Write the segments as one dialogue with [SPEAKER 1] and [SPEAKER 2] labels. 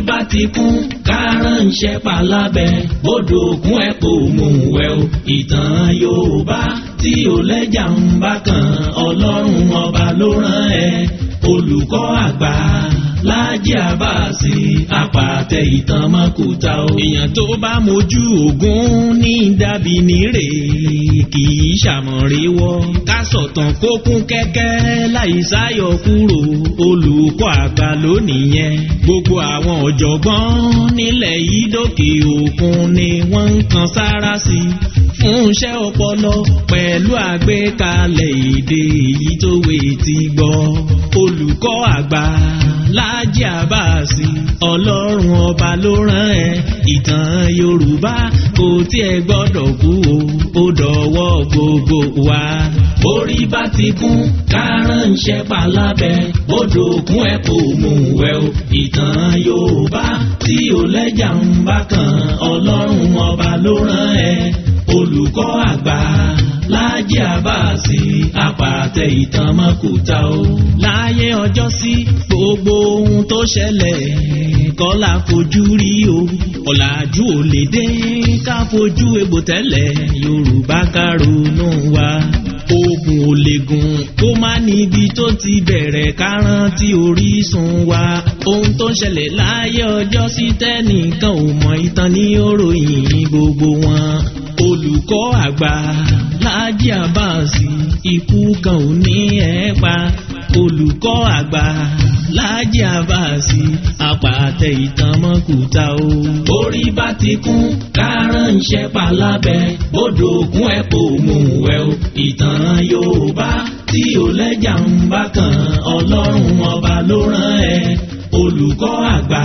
[SPEAKER 1] bí bá ti kú kárànṣẹ́ palábẹ́ bódò òkun ẹ̀ kò mú wẹ̀ o ìtàn Yorùbá tí ò lẹ́jà ń bá kan ọlọ́run ọba ló rán ẹ olùkọ́ àgbà. Lájí Àbáàsì apàtẹ ìtàn mọ́kúta o. èèyàn tó bá mojú ogun ní dàbí nírè kì í ṣàmọ̀ríwọ́. ká sọ̀tàn kó kún kẹ́kẹ́ láì sáyọ̀ kúrò olùkọ́ àgbà lónìyẹn. gbogbo àwọn ọ̀jọ̀gbọ́n nílẹ̀ yìí dókè òkun ni wọ́n ń kan sára sí i fún iṣẹ́ ọpọlọ pẹ̀lú àgbékalẹ̀ èdè èyí tó wé ti gbọ́ olùkọ́ àgbà lá alhaji abasi ọlọ́run ọba ló rán ẹ ìtàn yorùbá kò tiẹ̀ gbọ́dọ̀ kú o ó dọ̀wọ́ gbogbo wa. orí bá ti kún kárànṣẹ́ palábẹ́ bódò kún ẹ kò mú wẹ o ìtàn yorùbá tí ò lẹ́jà ń bá kan ọlọ́run ọba ló rán ẹ olùkọ́ àgbà. Lájí Àbáàsì àpàtẹ ìtàn mọ́kúta o. Láyé ọjọ́ sí gbogbo ohun tó ṣẹlẹ̀ kọ́lá fojú rí o. Ọ̀làjú ò lè dé ká fojú egbò tẹ́lẹ̀ Yorùbá ká ronú wa oògùn òlègùn kó má níbi tó ti bẹ̀rẹ̀ ká rántí orísun wa ohun tó ń ṣẹlẹ̀ láyé ọjọ́ sí tẹ́nìkan ò mọ ìtàn ní oròyìn gbogbo wọn olùkọ́ àgbà Láàjì Àbáàsì ikú kan ò ní ẹ̀ pa olùkọ́ àgbà Láàjì Àbáàsì apàtẹ ìtànmọ́kùtà o. orí bá ti kún kárán iṣẹ́ pa lábẹ́ bódò òkun ẹ̀ kò mú ẹ̀ o ìtàn Yorùbá tí ò lẹ́jà ń bá kan Ọlọ́run ọba ló rán ẹ olùkọ́ àgbà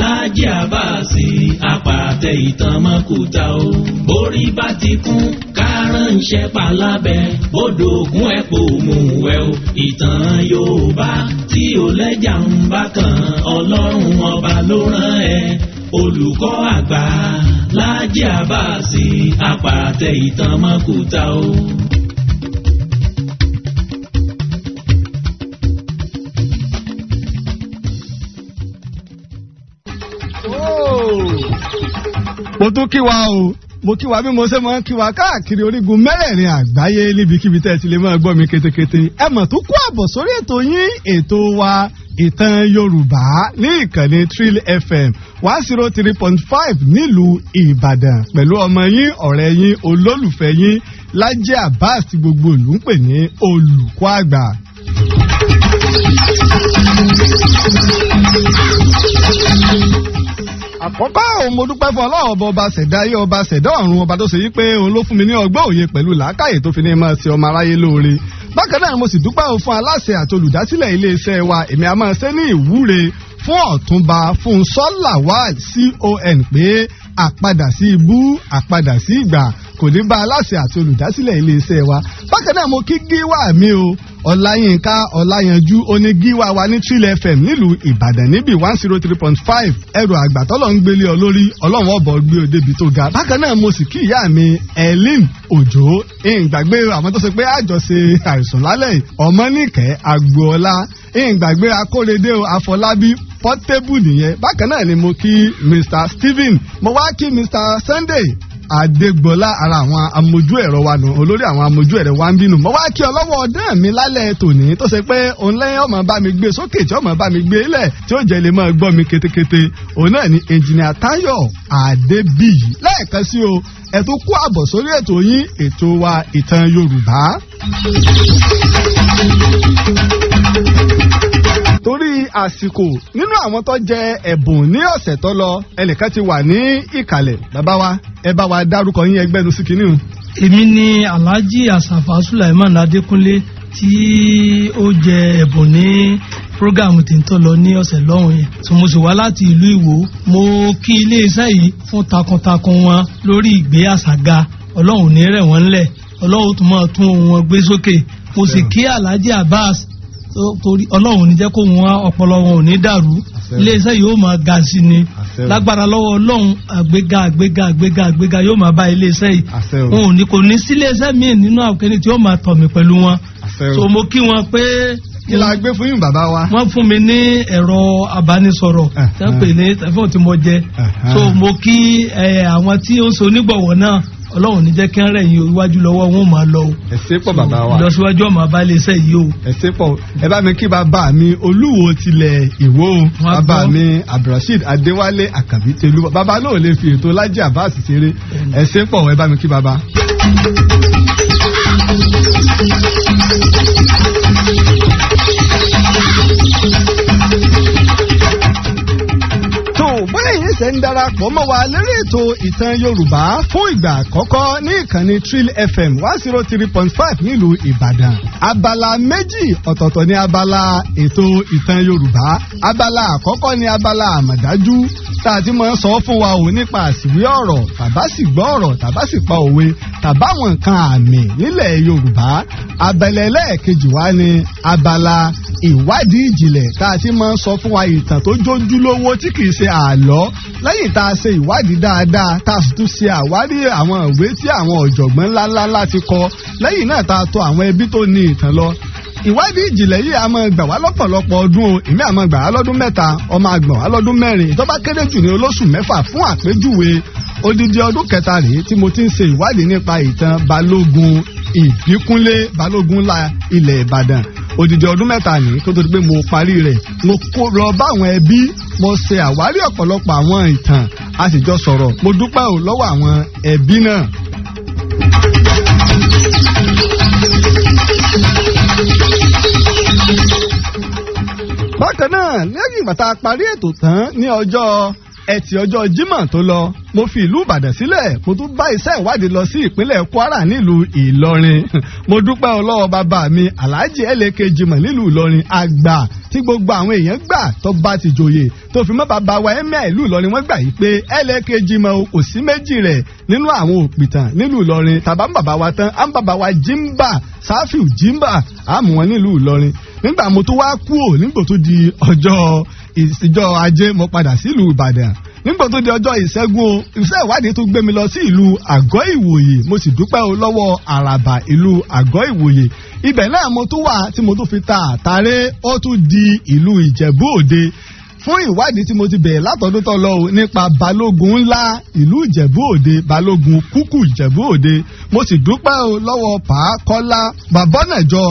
[SPEAKER 1] Lájí Àbáàsì àpàtẹ ìtàn
[SPEAKER 2] o. borí bá ti kún kárànṣẹ́ palábẹ́ bódò ògùn
[SPEAKER 1] ẹ̀ pò mú ẹ o. ìtàn Yorùbá tí ò lẹ́jà ń bá kan ọlọ́run ọba ló rán ẹ olùkọ́ àgbà Lájí Àbáàsì àpàtẹ ìtàn mọ́kúta o.
[SPEAKER 3] mo tún kí wa o mo kí wa bí mo ṣe máa ń kí wa káàkiri orígun mẹ́rẹ̀ẹ̀rin àgbáyé níbikíbi tẹ́ ẹ ti lè máa gbọ́ mi ketekete ẹ mọ̀ tó kú àbọ̀ sórí ètò yín ètò wa ìtàn Yorùbá ní ìkànnì Trill FM one zero oh three point five nílùú Ìbàdàn pẹ̀lú ọmọ yín ọ̀rẹ́ yín olólùfẹ́ yín Lájí Abbas tí gbogbo ìlú ń pè ní olùkọ́ àgbà. Thank you àkọ́kọ́ òun mo dúpẹ́ fún ọlọ́run ọba ọba ṣẹ̀dá ayé ọba ṣẹ̀dá ọ̀run ọba tó ṣe yí pé òun ló fún mi ní ọgbọ́n òye pẹ̀lú làákàyè tó fi ní máa ṣe ọmọ aráyé lóore bákan náà mo sì dúpẹ́ òun fún aláṣẹ àti olùdásílẹ̀ iléeṣẹ́ wa èmi a máa ṣe ní ìwúre fún ọ̀túnba fún sọ́là wá con pé àpadà sí ibú àpadà sí ìgbà kò ní bá aláṣẹ àti olùdásílẹ̀ iléeṣẹ́ wa bákan náà mo kí gíwà mi o ọláyínká ọláyanjú onígíwá wa ní trilẹ̀ fm nílùú ìbàdàn níbi one zero three point five ẹrù àgbà tọ́lọ̀ ń gbélé ọ lórí ọlọ́run ọ̀bọ̀ gbé o débi tó ga. bákan náà mo sì kí ìyá mi ellen ojo ìgbàgbé àwọn tó ṣe pé àjọṣe àìsàn lálẹ́ ọmọnìkẹ́ agboola ìgbàgbé akórèdé afọlábí portable nìyẹn bákan náà ni mo kí mr stephen mo wá kí mr sunday Adégbọlá ara àwọn amójú ẹ̀rọ wa nù olórí àwọn amójú ẹ̀rọ wa ń bínú mo wá kí ọlọ́wọ́ ọdẹ mi lálẹ́ tòní tó ṣe pé òun lẹ́yìn ọmọ bá mi gbé sókè tí ọmọ bá mi gbé lẹ̀ tí ó jẹ́ lè máa gbọ́ mi ketekete òun náà ni ẹnjìnìà Táyọ̀ Adébíyì lẹ́ẹ̀kan sí o ẹ kú àbọ̀ sórí ètò yín ètò wa ìtàn Yorùbá torí àsìkò nínú àwọn tó jẹ ẹ̀bùn ní ọ̀sẹ̀ tó lọ ẹnìkan ti wà ní ìkàlẹ̀ bàbá wa ẹ bá wa dárúkọ yín ẹgbẹ́ nu sí o. èmi ni alhaji asafa sulaiman adékúnlé tí ó jẹ ẹ̀bùn ní program tí ń tọ́ lọ ní ọ̀sẹ̀ lọ́hùn
[SPEAKER 4] yẹn tí mo sì wá láti ìlú ìwò mo kí iléeṣẹ́ yìí fún takuntakun wọn lórí ìgbé àṣàga ọlọ́run ní rẹ̀ wọ́n ńlẹ̀ ọlọ́run tún máa tún ohun gbé sókè mo sì kí alhaji abbas torí ọlọ́run ní jẹ́ kó wọn ọpọlọ wọn ò ní dàrú iléeṣẹ́ yóò máa ga sí ni lágbára lọ́wọ́ ọlọ́run àgbéga àgbéga àgbéga àgbéga yóò máa bá iléeṣẹ́ yìí wọn ò ní kò ní sí iléeṣẹ́ míì nínú àwòkẹ́ni tí yóò máa tọ̀ mí pẹ̀lú wọn
[SPEAKER 3] so mo kí wọn pé kí la gbé fún yín bàbá wa. wọ́n fún mi ní ẹ̀rọ abánisọ̀rọ̀ tẹ́pẹ̀ ní tẹ́fọ̀n tí mo jẹ so mo kí àwọn tí ó ń so onígbọ̀wọ̀ náà ọlọ́run ní jẹ́ kí ń rẹ̀ yín iwájú lọ́wọ́ wọn máa lọ o. ẹ̀sìn pọ̀ bàbá wa ìlọsíwájú ọmọ abálé iṣẹ́ yìí o. ẹ̀sìn pọ̀ ẹ bá mi kí bàbá mi olúwo tilẹ̀ ìwó bàbá mi abdulrasheed adéwálé àkàbí tẹlú bàbá náà lè fi ètò lájẹ àbá àṣìṣeré ẹ̀sìn pọ̀ ẹ bá mi kí bàbá. ṣe ń darapọ̀ mọ́ wa lórí ètò ìtàn Yorùbá fún ìgbà àkọ́kọ́ ní ìkànnì Trill FM one zero oh three point five nílùú Ìbàdàn abala méjì ọ̀tọ̀ọ̀tọ̀ ní abala ètò ìtàn Yorùbá abala àkọ́kọ́ ní abala àmọ̀dájú tá a ti mọ sọ fún wa ò nípa àsìwé ọ̀rọ̀ tàbá sì gbọ́ ọ̀rọ̀ tàbá sì pa òwe tàbá wọn nǹkan àmì nílẹ̀ Yorùbá abẹ́lẹ̀ lẹ́ẹ̀kejì wa ni abala ìwádìí ìjìnlẹ̀ tá a ti mọ sọ fún wa ìtàn tó jójúlówó tí kì í ṣe àlọ́ lẹ́yìn tá a ṣe ìwádìí dáadáa tá a sì tún ṣe àwárí àwọn ìwé tí àwọn ọ̀jọ̀gbọ́n ńláńlá ti kọ lẹ́yìn náà tá a tọ̀ àwọn ẹbí tó ní ìtàn lọ ìwádìí ìjìnlẹ̀ yìí a máa gbà wá lọ́pọ̀lọpọ̀ ọdún o èmi àmọ́ gbà wá lọ́dún mẹ́ta ọmọ àgbọ̀n wá lọ́dún mẹ́rin tó bá kéré jù ní olóṣù mẹ́fà fún àpéjúwe odidi ọdún kẹta rèé tí mo ti ń ṣe ìwádìí nípa ìtàn balógun ìbíkúnlé balógun la ilẹ̀ ìbàdàn odidi ọdún mẹ́ta ní kó tó di pé mo parí rẹ̀ mo kó lọ bá àwọn ẹbí mo ṣe àwárí ọ̀pọ̀lọpọ̀ àwọn ìtàn a sì jọ sọ̀rọ̀ mo dúpẹ́ ò lọ́wọ́ àwọn ẹbí náà. bákan náà lẹ́yìn ìgbà tá a parí ètò tán ní ọjọ́ ẹtì ọjọ́ Jímọ̀ tó lọ mo fi ìlú Ìbàdàn sílẹ̀ mo tún bá iṣẹ́ ìwádìí lọ sí ìpínlẹ̀ Kwara nílùú Ìlọrin mo dúpẹ́ ọlọ́wọ́ bàbá mi Alhaji Eleke Jimoh nílùú Ìlọrin àgbà tí gbogbo àwọn èèyàn gbà tó bá ti joyè tó fi mọ́ bàbá wa ẹ̀mẹ́ ìlú Ìlọrin wọ́n gbà yìí pé Eleke Jimoh kò sí méjì rẹ̀ nínú àwọn òpìtàn nílùú Ìlọrin tàbá bàbá wa tán à bàbá wa Jimba Safiu Jimba àmọ́ nílùú Ìlọrin di ọjọ́ ìjọ ajé mo padà sílùú ìbàdàn nígbà tó di ọjọ́ ìṣẹ́gun iṣẹ́ ìwádìí tó gbé mi lọ sí ìlú àgọ́ ìwòye mo sì dúpẹ́ o lọ́wọ́ àràbà ìlú àgọ́ ìwòye ibẹ̀ náà mo tún wà tí mo tún fi ta àtàrẹ́ ó tún di ìlú ìjẹ̀bú òde fún ìwádìí tí mo ti bẹ̀rẹ̀ látọ̀dún tó lọ o nípa balógun ńlá ìlú ìjẹ̀bú òde balógun kúkú ìjẹ̀bú òde mo sì dúpẹ́ o lọ́wọ́ pàákọ́lá bàbọ́nàjọ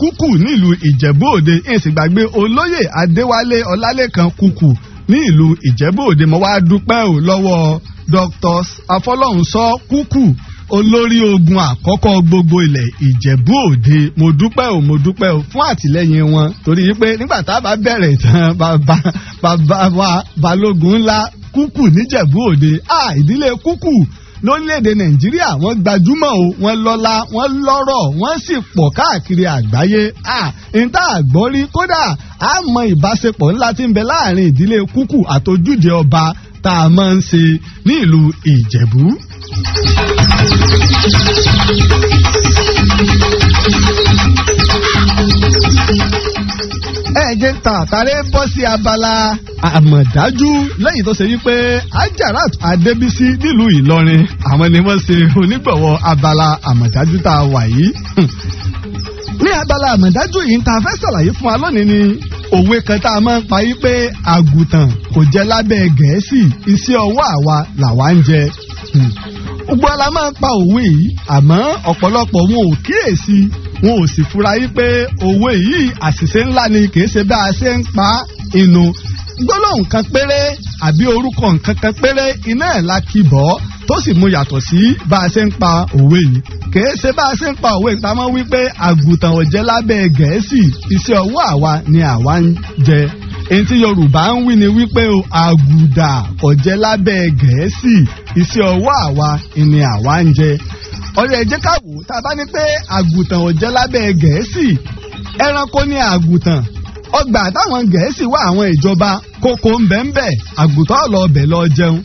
[SPEAKER 3] kúkù nílùú ìjẹ̀bú-òde ìsìgbàgbé olóyè adéwálé ọlálẹ́kan kúkù ní ìlú ìjẹ̀bú-òde mo wá dúpẹ́ ò lọ́wọ́ dr afọlọ́runsọ kúkù olórí ogun àkọ́kọ́ gbogbo ilẹ̀ ìjẹ̀bú-òde mo dúpẹ́ ò mo dúpẹ́ ò fún àtìlẹ́yìn wọn torí pé nígbà tá a bá bẹ̀rẹ̀ tán bàbá bàbá wa balógun ńlá kúkù níjẹ̀bú-òde à ìdílé kúkù lórílẹ̀‐èdè nàìjíríà wọ́n gbajúmọ̀ o wọ́n lọ́lá wọ́n lọ́rọ̀ wọ́n sì pọ̀ káàkiri àgbáyé níta àgbọ́rí kódà a mọ ìbáṣepọ̀ ńlá tí ń bẹ láàrin ìdílé kúkú àtòjúde ọba tá a máa ń ṣe ní ìjẹ̀bú. jẹ́ ń tàn àtàrẹ́ bọ́ sí abala àmọ̀dájú lẹ́yìn tó ṣe wípé Ajarat Adébísí nílùú Ìlọrin àwọn ni wọ́n ṣe onígbọ̀wọ́ abala àmọ̀dájú tá a wà yìí. ní abala àmọ̀dájú yìí tá a fẹ́ ṣàlàyé fún wa lónìí ni òwe kan tá a máa ń pa yí pé àgùntàn kò jẹ lábẹ́ Gẹ̀ẹ́sì iṣẹ́ ọwọ́ àwa làwa ń jẹ gbogbo ala máa ń pa òwe yìí àmọ́ ọ̀pọ̀lọpọ̀ wọn ò kíyèsí wọn ò sì fura yí pé òwe yìí àṣìṣe ńlá ni kì í ṣe bá a ṣe ń pa inú gbólóhùn kan péré àbí orúkọ nǹkan kan péré iná ẹ̀ la kì bọ́ tó sì mú yàtọ̀ sí bá a ṣe ń pa òwe yìí kì í ṣe bá a ṣe ń pa òwe ìta wípé àgùntàn ọ̀jẹ́ lábẹ́ gẹ̀ẹ́sì iṣẹ́ ọwọ́ àwa ni àwa ń jẹ èyí tí yorùbá ń wí ni wípé o àgùdà kò lábẹ́ gẹ̀ẹ́sì iṣẹ́ ọwọ́ àwa ni àwa ń jẹ ọ̀rẹ́ ẹ jẹ́ ká wò ó tá a bá ní pé àgùntàn ọ̀jẹ́ lábẹ́ gẹ̀ẹ́sì ẹranko ní àgùntàn ọgbà táwọn gẹ̀ẹ́sì wá àwọn ìjọba kókó ń bẹ̀ ń bẹ̀ àgùntàn ọ̀lọ́ ọbẹ̀ lọ jẹun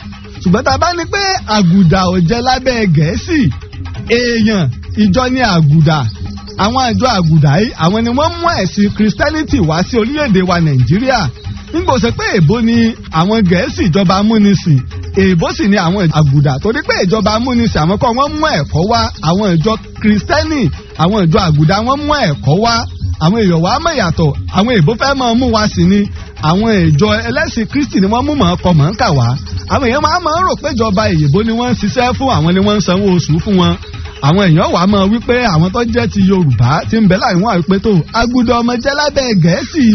[SPEAKER 3] ṣùgbọ́n tá a bá ní pé àgùdà ọ̀jẹ́ lábẹ́ gẹ̀ẹ́sì èèyàn ìjọ ní àgùdà àwọn àjọ àgùdà yìí àwọn ni wọ́n mú ẹ̀sìn Christianity wá sí orílẹ̀-èdè wa Nàìjíríà nígbòsẹ̀ pé èbó ni àwọn gẹ̀ẹ́sì ìjọba amúnisìn èèbó sì ni àwọn àgùdà torí pé ìjọba amúnisìn àwọn kọ́ wọ́n mú ẹ̀kọ́ wá àwọn ìjọ kristẹni àwọn ìjọ àgùdà wọ́n mú ẹ̀kọ́ wá àwọn èèyàn wa mọ̀ yàtọ̀ àwọn èèbó fẹ́ mọ̀ mú wa sí ni àwọn ìjọ ẹlẹ́sìn kristi ni wọ́n mú mọ̀ ọkọ̀ mọ̀ ń kà wá àwọn èèyàn máa mọ̀ ń rò pé ìjọba èèbó ni wọ́n ń ṣiṣẹ́ fún àwọn ni wọ́n ń sanwó oṣù fún wọn àwọn èèyàn wàá mọ̀ wípé àwọn tó jẹ́ ti yorùbá ti ń bẹ láì wọ́n àwípé tó agudo ọmọ jẹ́ lábẹ́ gẹ̀ẹ́sì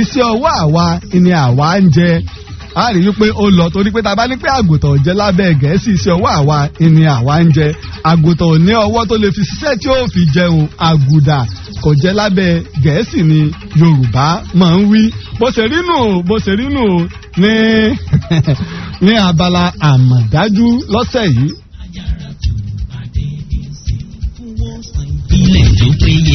[SPEAKER 3] iṣẹ́ ọwọ́ àwa ni àwa ń jẹ a rí wípé ó lọ torí pé tàbá ní pé àgùntàn ò jẹ́ lábẹ́ gẹ̀ẹ́sì sí ọwọ́ àwa ni àwa ń jẹ àgùntàn ò ní ọwọ́ tó lè fi ṣiṣẹ́ tí ó fi jẹun àgùdà kò jẹ́ lábẹ́ gẹ̀ẹ́sì ni yorùbá máa ń wí bó ṣe rí nù bó ṣe rí nù ní ní abala àmọ̀dájú lọ́sẹ̀ yìí.
[SPEAKER 2] ilé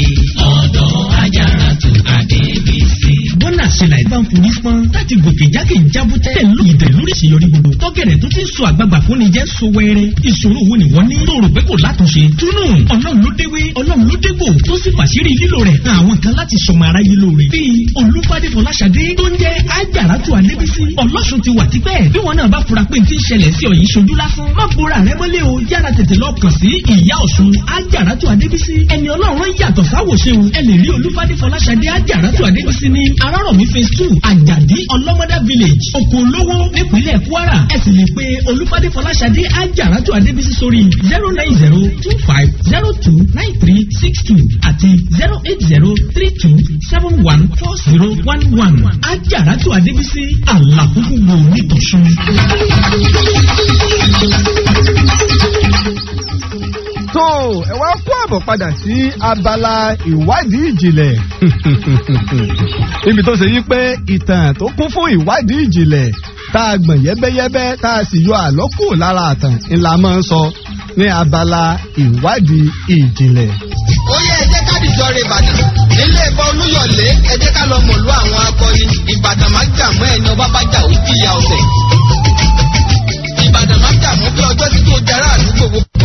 [SPEAKER 4] lọ́nà àṣelà ìbá ń forí pọ́n láti gòkè jákè jábútẹ́ tẹ̀lú ìdẹ̀ lóríṣìírí gbogbo tọ́kẹ̀rẹ̀ tó ti ń so àgbààgbà fún ni jẹ́ so wẹ́rẹ́ ìṣòro wo ni wọ́n ní tó pé kò látúnṣe túnú ọlọ́run ló déwé ọlọ́run ló dégbò tó sì fàṣírí lílo rẹ̀ kan àwọn kan láti sọmọ ara yìí lóore bíi olúfadé fọláṣadé tó ń jẹ́ àjàràtú alébísí ọlọ́sùn ti wà tipẹ́ bí wọn náà bá fura pé ti ṣẹlẹ̀ sí ọ̀yìn ṣojú lásán má bora rẹ mọ́lẹ̀ o yára tètè lọ kàn sí ìyá ọ̀sùn àjàràtú adébísí ẹni ọlọ́run yàtọ̀ sáwòṣe o ẹ lè rí olúfadé fọláṣadé àjàràtú adébísí ní ará ọlọ́rọ̀mí phase two àjàdí ọlọ́mọdá village oko olówó nípínlẹ̀ kwara ẹ lè pe olúfadé fọláṣadé ajaratu adébísí sórí zero nine zero two five zero two nine three six two àti zero eight zero three two seven one four zero one one ajaratu adébísí àlàkúkú
[SPEAKER 3] wo nítòsún. So, ẹ wá kó àbọ̀ padà sí abala ìwádìí ìjìnlẹ̀ ibi tó ṣe yí pé ìtàn tó kún fún ìwádìí ìjìnlẹ̀ tá a gbọ̀n yẹ́bẹ́yẹ́bẹ́ tá a sì yọ àlọ́ lára àtàn ńlá máa ń sọ ní abala ìwádìí ìjìnlẹ̀.
[SPEAKER 5] ó yẹ ẹ jẹ́ ká dìjọ́ rẹ̀ bàdàn nílé ẹ̀bọ olúyọ̀lé ẹ jẹ́ ká lọ mọ̀lú àwọn akọni ìbàdàn má jàmọ́ ẹni ọba bá jà ó jìyà ọ̀sẹ̀ ìbàdàn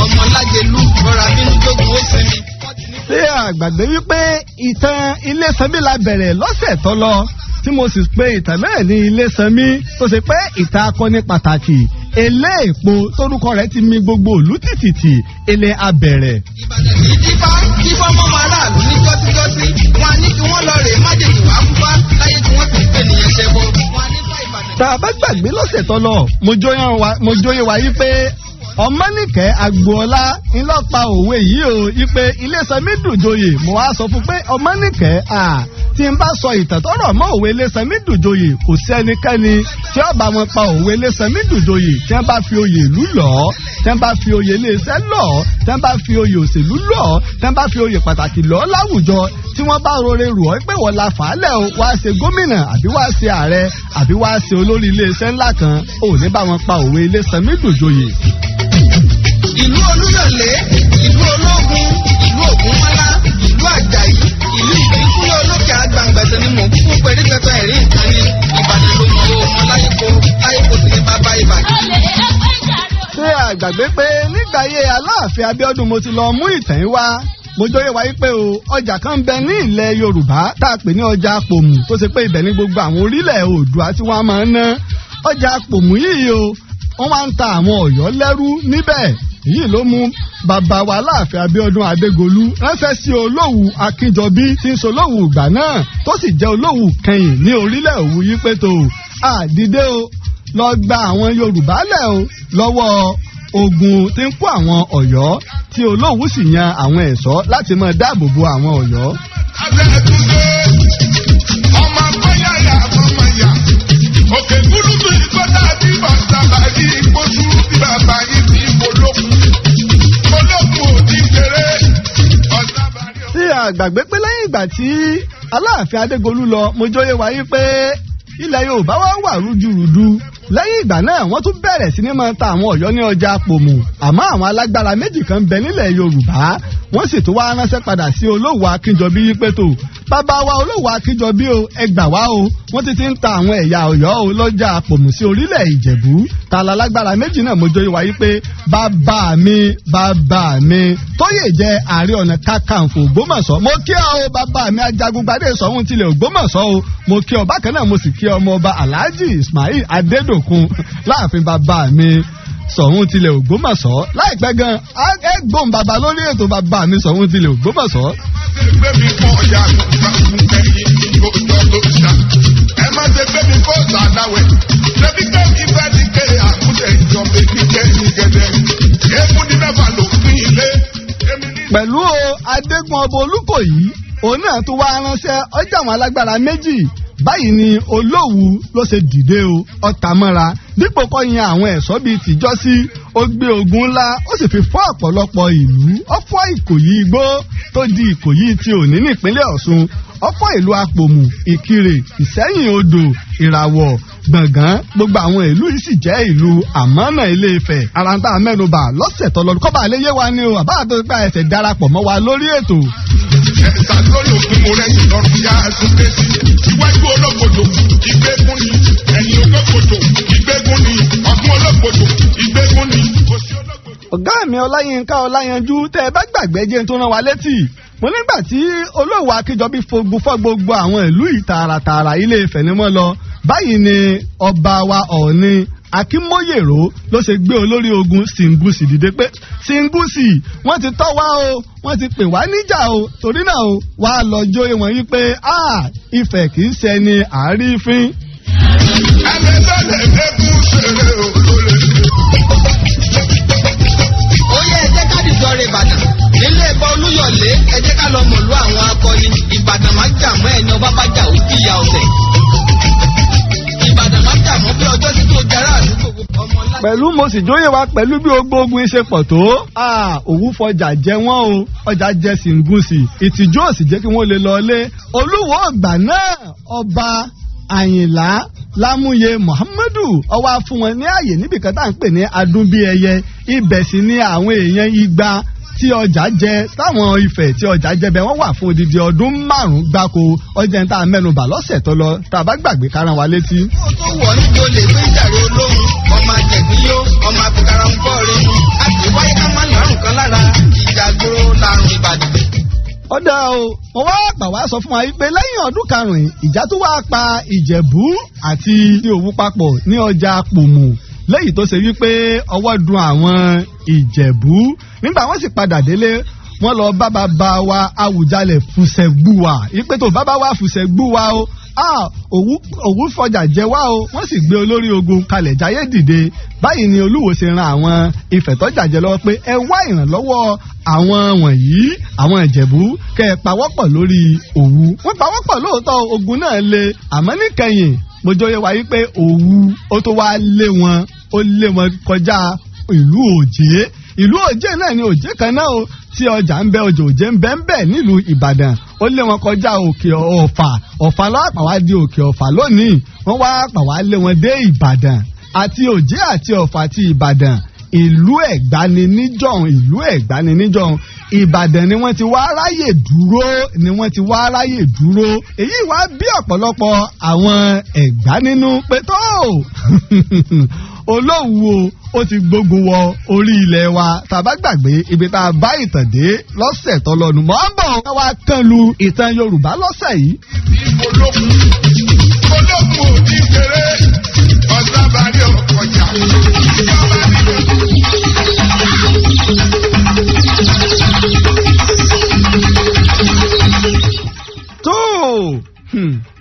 [SPEAKER 5] ọmọ lájẹlú rọra bínú jogun ó sinmi.
[SPEAKER 3] ṣé àgbàgbé wípé ìtàn ilé sanmi la bẹ̀rẹ̀ lọ́sẹ̀ tó lọ tí mo sì pe ìtàn náà ní ilé sanmi tó ṣe pé ìta akọni pàtàkì elé èpo tórúkọ rẹ̀ ti mi gbogbo òlú tìtìtì ilé abẹ̀rẹ̀. ìbàdàn
[SPEAKER 5] yìí dífá kí fọmọ màráàlú ní jọ́síjọ́sí wọn ní kí wọ́n lọ rèé májèlé wàá fúnfá láyé tí wọ́n ti pè nìyẹn ṣẹ́gun
[SPEAKER 3] tá a bá gbàgbé lọ́sẹ̀ tó mo jóyè wa pé ọmọnìkẹ́ agboola ńlọ́pa òwe yìí o ipe ilésanmi dùjòyè mo wá sọ fún pé ọmọnìkẹ́ à tí n bá sọ ìtàn tó rọ̀ mọ́ òwe ilésanmi dùjòyè kò sí ẹnikẹ́ni tí ó wọn pa òwe ilésanmi dùjòyè tí wọ́n bá fi oyè ìlú lọ̀ ọ́ tí wọ́n bá fi oyè iléeṣẹ́ lọ̀ ọ́ tí wọ́n bá fi oyè òṣèlú lọ̀ ọ́ tí wọ́n bá fi oyè pàtàkì lọ̀ ọ́ láwùjọ tí wọ́n bá rore rò ọ́ pé wọ́n la fàálẹ̀ o wá ṣe gómìnà àbí wá ṣe ààrẹ àbí wá ṣe olórí iléeṣẹ́ ńlá kan ò ní bá wọn pa òwe ilésanmi dùjòyè ìlú
[SPEAKER 5] olúyọ̀lé ìlú ológun ìlú ògúnmọ́lá ìlú àjàyí ìlú ìbíkúlẹ̀ olókè àgbàǹgbẹ̀sẹ̀ ni mò ń kú pẹ̀lú pẹpẹ ẹ̀rí ìkànnì ìbàdàn ló mọ ọmọ láyípo láyípo sì ní bàbá ìbàdàn.
[SPEAKER 3] ṣé àgbàgbé pé nígbà ayé aláàfin abíọ́dún mo ti lọ mú ìtàn wá mojóyè wáyé pé o ọjà kan ń bẹ ní ilẹ̀ yorùbá tá a pè ní ọjà pòmù tó ṣe pé ibẹ̀ ní gbogbo àwọn orílẹ̀ oòdùà tí wọ́n máa ń ná ọjà pòmù yìí o wọ́n máa ń ta àwọn ọ̀yọ́ lẹ́rú níbẹ̀ èyí ló mú bàbá wa láàfin Abíọ́dún Adégolú ránṣẹ́ sí olówù Akínjọbí tí ń solówù ìgbà náà tó sì jẹ́ olówù kẹyìn ní orílẹ̀ òwú yí pẹ̀tọ́ àdìdé o lọ gba àwọn Yorùbá lẹ̀ o lọ́wọ́ ogun tí ń kó àwọn Ọ̀yọ́ tí olówù sì yan àwọn ẹ̀ṣọ́ láti máa dáàbò bo àwọn Ọ̀yọ́.
[SPEAKER 2] abẹ́ àtúndé ọmọ akọ́yà yà ọmọ yà òkè
[SPEAKER 5] gúdúgbù ìgbọ́dá bí bàtà bàbí olókun
[SPEAKER 2] olókun ò ti kéré ọ̀sàbàrí.
[SPEAKER 3] tí àgbàgbé pé lẹ́yìn ìgbà tí aláàfin adégolú lọ mojóyè wáyé pé ilẹ̀ yorùbá wà rújúrúdú lẹ́yìn ìgbà náà wọ́n tún bẹ̀rẹ̀ sí ní máa ta àwọn ọ̀yọ́ ní ọjà pòmù àmọ́ àwọn alágbára méjì kan bẹ nílẹ̀ yorùbá wọ́n sì tún wá ránṣẹ́ padà sí olówó akínjọbí wípé tó bàbá wa olówó akínjọbí o ẹ wa o wọ́n ti ti ń ta àwọn ẹ̀yà ọ̀yọ́ o lọ́jà pòmù sí orílẹ̀ ìjẹ̀bú tala alágbára méjì náà mojó wa wípé bàbá mi bàbá mi tóyè jẹ ààrẹ ọ̀nà kàkàǹfò ògbómọ̀ṣọ́ mo kí ọ o bàbá mi ajagungbadé sọ̀hún tilẹ̀ ògbómọ̀ṣọ́ o mo kí ọ bákan náà mo sì kí ọmọ ọba alhaji ismail adédò òkun láàfin bàbá mi sọ̀hún tilẹ̀ ògbómọ̀ṣọ́ láìpẹ́ gan ẹgbọ́n bàbá lórí ètò bàbá mi sọ̀hún tilẹ̀ ògbómọ̀ṣọ́. pẹ̀lú o adégun ọba olúkòyí òun náà tún wá ránṣẹ́ ọjà àwọn alágbára méjì báyìí ni olówu ló ṣe dìde o ọ̀tà mọ́ra dípò kọ́ yan àwọn ẹ̀ṣọ́ bíi tìjọ́sí ó gbé ogun ńlá ó sì fi fọ́ ọ̀pọ̀lọpọ̀ ìlú ó fọ́ ìkòyí igbó tó di ìkòyí ti òní nípínlẹ̀ ọ̀ṣun ó fọ́ ìlú apòmù ìkirè ìsẹ́yìn odò ìràwọ̀ gbọ̀ngàn gbogbo àwọn ìlú yìí sì jẹ́ ìlú àmọ́nà ilé ifẹ̀ ara ń tà mẹ́nuba lọ́sẹ̀ tọ́lọ́dún kọ́ba àléyé wa ni o àbá àti
[SPEAKER 2] ẹ̀sà lólòkun mo
[SPEAKER 5] rẹ́yìn lọ́rùn yá ẹ̀sùn kéjì. Iwájú olókodo ìgbégún ni ẹ̀yìn olókodo
[SPEAKER 3] Ọ̀gá mi Ọláyínká Ọláyanjú tẹ́ ẹ bá gbàgbé jẹ́ tó rán wa létí. Mo nígbà tí olóòwò Akíjọbí fogun fọ́ gbogbo àwọn ìlú ìtààràtààrà Ilé Ifẹ̀ ni wọ́n lọ. Báyìí ni ọba wa Ọ̀ọ̀ni akínmóyèrò ló ṣe gbé olórí ogun Ṣìngúsì dìde pé Ṣìngúsì wọ́n ti tọ́ wá o wọ́n ti pè wá níjà o torí náà o wà á lọ jóye wọn yí pé a Ifẹ̀ kì í ṣe ni àrífín.
[SPEAKER 2] àbẹ̀bẹ̀lẹ̀ fẹ́kún ṣeré olóore.
[SPEAKER 5] ó yẹ ẹ jẹ́ ká dìjọ́ rẹ̀ Ìbàdàn nílé ẹ̀kọ́ Olúyọ̀lé ẹ jẹ́ jà mọ́ ẹ̀ ọba bá jà ó kíyà ọ̀sẹ̀ jà fún pé ọjọ́ tí tó jara
[SPEAKER 3] àdúgbò ọmọ láti. pẹ̀lú mo sì jóye wa pẹ̀lú bí ogbógun ṣe pọ̀ tó òwú fọjà jẹ wọ́n o ọjà jẹ sì ń gùn sí ìtìjú òsì jẹ́ kí wọ́n lè lọ lé olúwo ọgbà náà ọba àyìnlá lámúye muhammadu ọwọ́ fún wọn ní ààyè níbìkan tá à ń pè ní adúnbíẹyẹ ibẹ̀ sì ni àwọn èèyàn igba tí ọjà jẹ táwọn ìfẹ́ tí ọjà jẹ bẹ́ẹ̀ wọ́n wà fún odidi ọdún márùn-ún gbáko ọjà ń tá lọ́sẹ̀ tó lọ tá a bá gbàgbé kára wa létí. ó tó wọ̀ níbi olè
[SPEAKER 5] fún ìjàre olóhùn ọmọ àjẹ̀gbín yó ọmọ àfikàrà ń bọ̀ rẹ̀ àti wáyé ká má lárùn kan lára ìjà gbóró ìbàdàn
[SPEAKER 3] ó o wọn wá gbà wá sọ fún wa pé lẹ́yìn ọdún karùn-ún ìjà tó wá pa ìjẹ̀bú àti òwú papọ̀ ní ọjà pòmù lẹ́yìn tó ṣe wípé ọwọ́ dun àwọn ìjẹ̀bú nígbà wọ́n sì padà délé wọ́n lọ bá bàbá wa Awùjalẹ̀ fùsẹ̀gbùwà ìpè tó bàbá wa fùsẹ̀gbùwà o òwú fọjà jẹ wá o wọ́n sì gbé olórí ogun kalẹ̀ jáyé dìde báyìí ni olúwo ṣe ran àwọn ìfẹ̀tọ́jàjẹ lọ́wọ́ pé ẹ wá ìrànlọ́wọ́ àwọn wọ̀nyí àwọn ìjẹ̀bú kẹ́ ẹ pawọ́pọ̀ lórí òwú wọ́n pawọ́pọ̀ lóòótọ́ ogun náà le àmọ́ níkẹyìn mojoye wáyé pé òwú ó tó wá lé wọn ó lé wọn kọjá ìlú òjé ìlú òjé náà ni òjé kan náà o tí ọjà ń bẹ ọjà òjé ń bẹ ń bẹ nílùú ìbàdàn ó lé wọn kọjá òkè ọ̀fà ọ̀fà lápá wá di òkè ọ̀fà lónìí wọ́n wá pà wá lé wọn dé ìbàdàn àti òjé àti ọ̀fà àti ìbàdàn ìlú ẹ̀gbá ni níjọ̀hún ìlú ẹ̀gbá ni ìbàdàn ni wọ́n ti wá ráyè dúró ni wọ́n ti wá ráyè dúró èyí wá bí ọ̀pọ̀lọpọ̀ àwọn ẹ̀gbá nínú pé tó olóhùn o ó ti gbógun wọ orí ilẹ̀ wa tàbá gbàgbé ibi tá a bá ìtàn dé lọ́sẹ̀ tó lọ́nu mọ́ ń bọ̀ wá tán lu ìtàn Yorùbá lọ́sẹ̀ yìí.
[SPEAKER 2] ológun ológun ò ní kéré
[SPEAKER 3] ọ̀sán bá rí ọkọ̀ jà bá bá rí ọkọ̀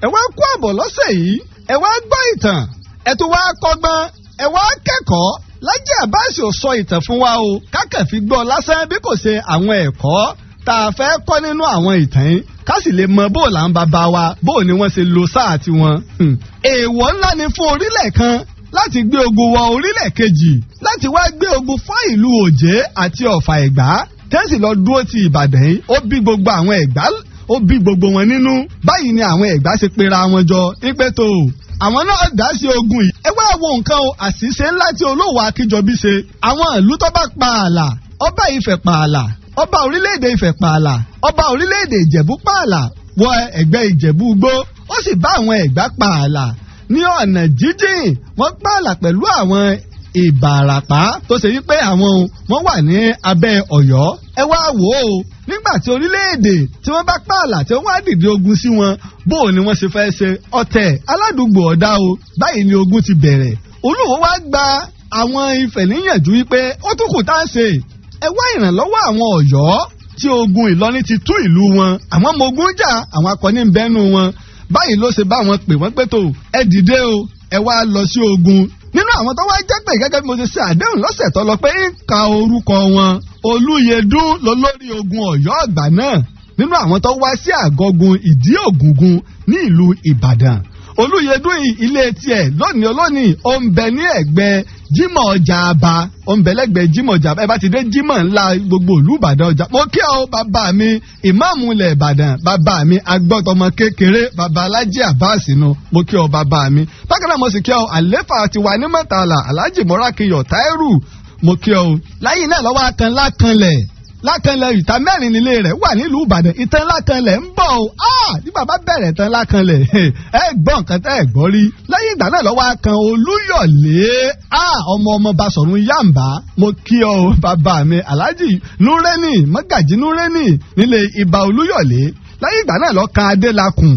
[SPEAKER 3] ẹ wá kó àbọ̀ lọ́sẹ̀ yìí ẹ wá gbọ́ ìtàn ẹ tó wá kọ́gbọ́n ẹ wá kẹ́kọ̀ọ́ Lájì Abbas ò sọ ìtàn fún wa o kákàn fi gbọ́ lásán bí kò ṣe àwọn ẹ̀kọ́ tá a fẹ́ kọ́ nínú àwọn ìtàn yìí ká sì lè mọ bó là ń bàbá wa bó ni wọ́n ṣe lo sáà tiwọn. Hmm. èèwọ̀ ńlá ni fún orílẹ̀ kan láti gbé ogun wọ orílẹ̀ kejì láti wá gbé ogun fọ́ ìlú Òjé àti Ọ̀fà Ẹ̀gbá tẹ́sí lọ dúró ti Ìbàdàn yìí ó bí gbogbo àwọn Ẹ̀gbá ó bí gbogbo wọn nínú báyìí ni àwọn ẹ̀gbá ṣe pera wọn jọ nípẹ́ tó àwọn náà dá sí ogun yìí ẹ wá wo nǹkan o àṣìṣe ńlá tí olówó akíjọbí ṣe àwọn ìlú tó bá pa ààlà ọba Ifẹ̀ pa ààlà ọba orílẹ̀-èdè Ifẹ̀ pa ààlà ọba orílẹ̀-èdè Ìjẹ̀bú pa ààlà wọ ẹ̀gbẹ́ Ìjẹ̀bú gbó ó sì bá àwọn ẹ̀gbá pa ààlà ní ọ̀nà jíjìn wọ́n pa ààlà pẹ̀lú àwọn Ìbàràpá tó ṣe wípé àwọn wọn wà ní abẹ́ Ọ̀yọ́ ẹ wá wò ó nígbà tí orílẹ̀-èdè tí wọ́n bá pààlà tí wọ́n á dìde ogun sí wọn bó o ni wọ́n ṣe fẹ́ ṣe ọ̀tẹ̀ aládùúgbò ọ̀dá o báyìí ni ogun ti bẹ̀rẹ̀ olúwo wá gba àwọn ifẹ̀ níyànjú wípé ó tún kù tá à ń ṣe ẹ wá ìrànlọ́wọ́ àwọn ọ̀yọ́ tí ogun ìlọrin ti tú ìlú wọn àwọn ọmọ ogun jà àwọn akọni ń bẹ́nu wọn báyìí ló ṣe bá wọn pè wọ́n pé tó ẹ dìde o ẹ wá lọ sí ogun nínú àwọn tó wá jẹ́ pé gẹ́gẹ́ bí mo ṣe ṣe àdéhùn lọ́sẹ̀ tó lọ pé ń ka orúkọ wọn olúyẹdùn lólórí ogun ọ̀yọ́ àgbà náà nínú àwọn tó wá sí àgọ́gun ìdí ògùngùn ní ìlú ìbàdàn olùyẹdùn ilé tiẹ̀ lónìí olónìí ó ń bẹ ní ẹ̀gbẹ́ Jímọ̀ ọjà àbá ó ń bẹ lẹ́gbẹ̀ẹ́ Jímọ̀ ọjà àbá ẹ bá ti dé Jímọ̀ ńlá gbogbo ìlú Ìbàdàn ọjà mo kí ọ bàbá mi ìmáàmù ilẹ̀ Ìbàdàn bàbá mi agbọ́tọmọ kékeré bàbá Alájì Abbas nu mo kí ọ bàbá mi bákan náà mo sì kí ọ àléfà ti wà ní mọ̀tàlá Alájì Mọ́rákiyọ̀ Táírù mo kí ọ láyé náà lọ́wọ́ akànlá kanlẹ̀ lákànlẹ̀ ìta mẹ́rin nílé rẹ̀ wà nílùú ìbàdàn ìtàn lákànlẹ̀ ń bọ̀ o ní ah, bàbá bẹ̀rẹ̀ tán lákànlẹ̀ ẹ gbọ́ nǹkan tẹ́ ẹ gbọ́ rí lẹ́yìn ìgbà náà lọ́wọ́ akan olúyọ̀lé ah, ọmọ ọmọ basọ̀run yàǹbá mo kí ọ bàbá mi alhaji nureni mọ́gàjì nureni nílé ìbà olúyọ̀lé lẹ́yìn ìgbà náà lọ́kan adélakùn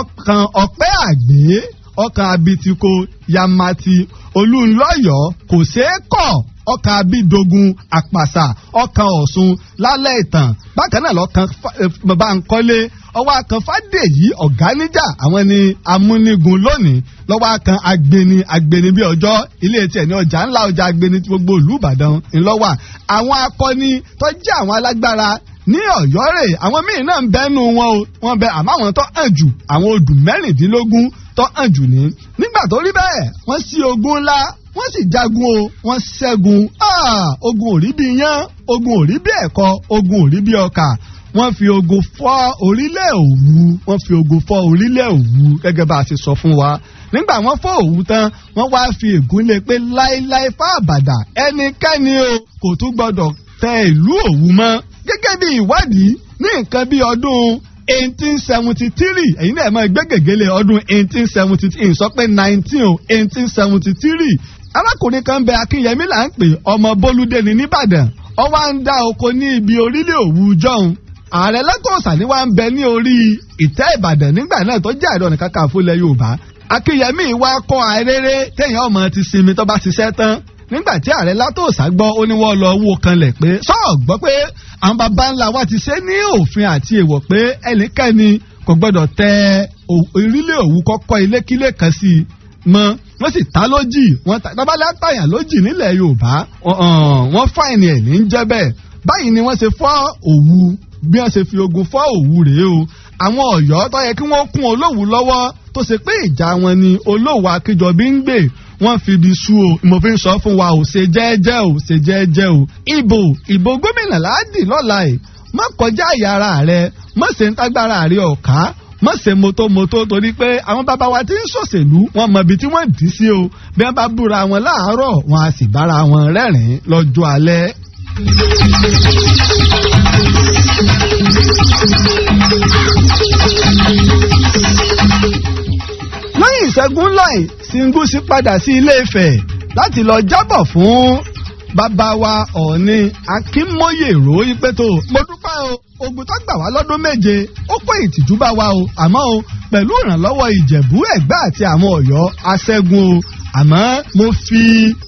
[SPEAKER 3] ọkàn ọ̀pẹ́ àgbẹ̀ ọkàn abitiko yamati olúńlọ́yọ̀ kò ṣeé kọ̀ ọkà abídogun àpàṣà ọkà ọ̀ṣun lálẹ́ ìtàn bákan náà lọ́kàn eh, Bánkọ́lé ọwọ́ akàn Fádèyí ọ̀gá níjà àwọn ni amúnigun lónìí lọ́wọ́ akàn agbeni agbeni bíi ọjọ́ ilé tiẹ̀ ní ọjà ńlá ọjà agbeni tí gbogbo ìlú Ìbàdàn ńlọ́wà àwọn akọni tó jẹ́ àwọn alágbára ní Ọ̀yọ́ àwọn míì náà ń bẹ́nu wọn o wọ́n bẹ àmọ́ àwọn tó hàn jù àwọn odù mẹ́rìndínlógún tó hàn jù ní. nígbà tó rí bẹ́ẹ̀ wọ́n sí ogun ńlá wọ́n sì jagun o wọ́n ṣẹ́gun ah, ogun ò rí bí yán ogun ò rí bí ẹ̀kọ́ ogun ò rí bí ọkà wọ́n fi ogun fọ́ orílẹ̀ òwú wọ́n fi ogun fọ́ orílẹ̀ òwú gẹ́gẹ́ bá a ṣe sọ fún wa nígbà wọ́n fọ́ òwú tán wọ́n wá fi ègúnlé pé láéláé fáàbàdà ẹnikẹ́ni o kò tún gbọ́dọ̀ tẹ ìlú òwú mọ́ gẹ́gẹ́ bí ìwádìí ní nǹkan bí ọdún eighteen seventy three èyí náà máa gbé gègéle ọdún eighteen seventy three sọ nineteen o eighteen seventy three arákùnrin kan bẹ akínyẹmí là ń pè ọmọ bólúdé ni nìbàdàn ó wá ń dá oko ní ibi orílẹ̀ òwú jọ̀hún ààrẹ lẹ́kọ̀ọ́sà ni wá ń bẹ ní orí ìtẹ́ ìbàdàn nígbà náà tó jẹ́ àdó nìkan kàfó lẹ yorùbá akínyẹmí wá kọ́ arére téèyàn ọmọ ti sinmi tó bá ṣiṣẹ́ tán nígbà tí ààrẹ látòsà gbọ́ ó ní wọ́n lọ wó kanlẹ̀ pé sọ́ọ̀ gbọ́ pé àwọn baba ńlá wa ti ṣe ní òfin àti èèwọ̀ pé ẹnikẹ́ni kò gbọ́dọ̀ tẹ orílẹ̀ òwú kọ́kọ́ ilékílé kan sí i mọ́ wọ́n sì ta lójì wọ́n ta dábàlá tàyàn lójì nílẹ̀ yorùbá wọ́n fáìní ẹ̀ ní í báyìí ni wọ́n ṣe fọ́ òwú bí wọ́n ṣe fi ogun fọ́ òwú rèé o àwọn ọ̀yọ́ tó yẹ kí wọ́n kún olówù lọ́wọ́ tó ṣe pé ìjà wọn ni olówù akíjọbí ń gbè wọ́n fi ibi sú o mo fi ń sọ fún wa o ṣe jẹ́ẹ́jẹ́ o ṣe jẹ́ẹ́jẹ́ o ìbò ìbò gómìnà láàdì lọ́la ẹ̀ má kọjá àyàrá rẹ má ṣe ń tágbára rẹ ọ̀ká má ṣe motomoto torí pé àwọn bàbá wa ti ń ṣòṣèlú wọn mọ ibi tí wọ́n dì í sí o bí wọ́n bá búra wọn láàárọ̀ wọn a sì bára wọn rẹ́rìn-ín lọ́jọ́ alẹ́.
[SPEAKER 2] Thank you
[SPEAKER 3] lẹ́yìn ìṣẹ́gun lọ́yìn Ṣìngúsí padà sí Ilé Ifẹ̀ láti lọ jábọ̀ fún bàbá wa Ọ̀ọ̀ni Akínmóyè ròó pé tó mo dúpẹ́ o ogun tó gbà wá lọ́dún méje ó kó ìtìjú bá wa o àmọ́ o pẹ̀lú ìrànlọ́wọ́ Ìjẹ̀bú Ẹ̀gbá àti àwọn Ọ̀yọ́ aṣẹ́gun o àmọ́ mo fi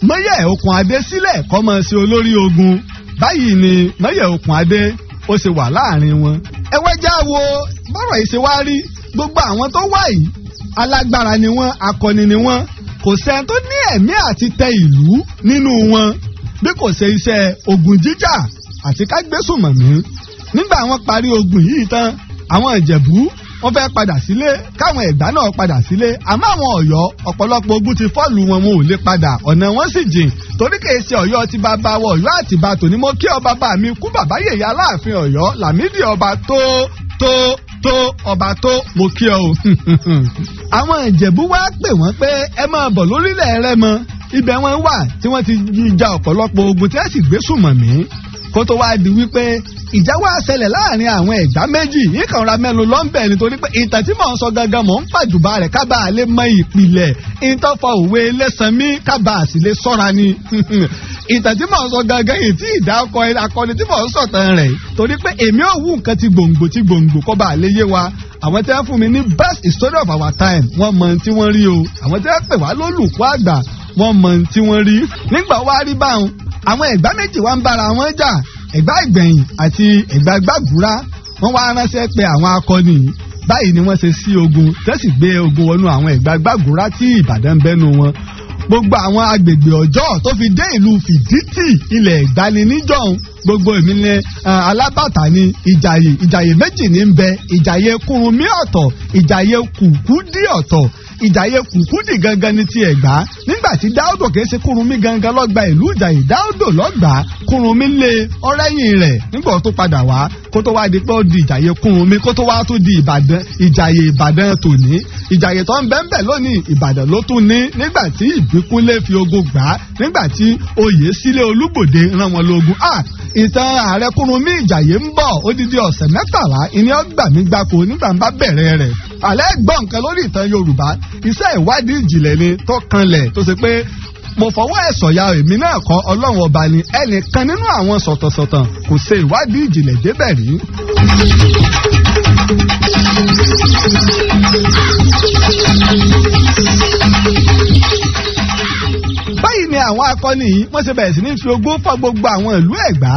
[SPEAKER 3] Mọ́yẹ̀ Okùn Adé sílẹ̀ kó máa ṣe olórí ogun báyìí ni Mọ́yẹ̀ Okùn Adé ó ṣe wà láàrin wọn. ẹ wá já wo bọ́rọ̀ ìṣe wá rí gbogbo àwọn tó wà alágbára ni wọ́n akọni ni wọ́n kò sẹ́ni tó ní ẹ̀mí àti tẹ ìlú nínú wọn bí kò ṣe iṣẹ́ ogun jíjà àti kágbésùmọ̀mí nígbà wọ́n parí ogun yìí tán àwọn ìjẹ̀bú wọ́n fẹ́ padà sílé káwọn ẹ̀gbá náà padà sílé àmọ́ àwọn ọ̀yọ́ ọ̀pọ̀lọpọ̀ ogun ti fọ́ọ̀lù wọn wọn ò lè padà ọ̀nà wọn sì jìn torí kìí ṣe ọ̀yọ́ ti bàbá wọ ọ̀yọ́ àti bàtò ni mo kí ọba bá mi kú bàbá yèyé aláàfin ọ̀yọ́ làmídìí ọba tó tó tó ọba tó mo kí ọ o. àwọn ìjẹ̀bú wá pè wọ́n pé ẹ máa bọ̀ lórílẹ̀ rẹ mọ́ ibẹ̀ wọn wà tí wọ́n ti jà ọ̀pọ̀lọpọ̀ ogun tí wọ́n sì gbé sùnmọ̀ mí kó tó wáá di wípé ìjà wá ṣẹlẹ̀ láàrin àwọn ẹ̀gbá méjì ìkàn ra mẹ́nu lọ́nbẹ̀ nítorí pé ìtàn tí mò ń sọ gangan mò ń pàjùbà rẹ̀ kábàá lè mọ ìpìlẹ̀ ìtọ́fọ òwe lẹ́sàn-án mi kábàá sì lè sọ́ra ni ìtàn tí mò ń sọ gangan yìí tí ìdá ọkọ akọni tí mò ń sọ̀tàn rẹ̀ torí pé èmi ò wú nǹkan ti gbòǹgbò ti gbòǹgbò kọ́ bá yé wa àwọn tí wọ́n fún mi ní best story of our time wọ́n mọ tí wọ́n rí o àwọn tí wọ́n wọ́n mọ ohun tí wọ́n rí nígbà wá rí báwọn àwọn ẹ̀gbá méjì wá ń bára wọn jà ẹ̀gbá ìgbẹ̀yìn àti ẹ̀gbá gbàgúrá wọ́n wá ránṣẹ́ pé àwọn akọni báyìí ni wọ́n ṣe sí ogun tẹ́sì gbé ogun wọnú àwọn ẹ̀gbá gbàgúrá tí Ìbàdàn bẹ́nu wọn gbogbo àwọn agbègbè ọjọ́ tó fi dé ìlú fìdítì ilẹ̀ ìgbaniníjọ̀hún gbogbo èmi ni alábàtà ni ìjàyè ìjàyè méjì ní ń bẹ ìjàyè kùrùnmí ọ̀tọ̀ ìjàyè ìjàyè kùkúdì gangan ni ti ẹ̀gbá nígbà tí dáódò kìí ṣe kúrunmí gangan lọ́gba ìlú ìjàyè dáódò lọ́gbà kúrunmí lé ọ̀rẹ́yìn rẹ̀ nígbà tó padà wá kó tó wá di pé ó di ìjàyè kúrunmí kó tó wá tó di ìbàdàn ìjàyè ìbàdàn tòní ìjàyè tó ń bẹ́ńbẹ̀ lónìí ìbàdàn ló tún ní nígbà tí ìbíkúnlé fi ogun gbà á nígbà tí oyè sílé olúbòde rán wọn lógun ah ìtàn ààrẹ kúrunmí ìjàyè ń bọ̀ odidi ọ̀sẹ̀ mẹ́tàlá ìní ọgbà mi gbáko nígbà ń bá bẹ̀rẹ̀ rẹ̀ alẹ́ gbọ́ nǹkan lórí ìtàn Yorùbá iṣẹ́ ìwádìí ìjìnlẹ̀ ni tó kanlẹ̀ tó ṣe pé mo fọwọ́ ẹ̀ sọ̀yà èmi náà kọ́ ọlọ́run ọba ni ẹnìkan nínú àwọn sọ̀tànsọ̀tàn kò ṣe ìwádìí ìjìnlẹ̀ débẹ̀ rí. báyìí ni àwọn akọni yìí wọ́n ṣe bẹ̀rẹ̀ sí ní fi ogún fọ́ gbogbo àwọn ìlú Ẹ̀gbá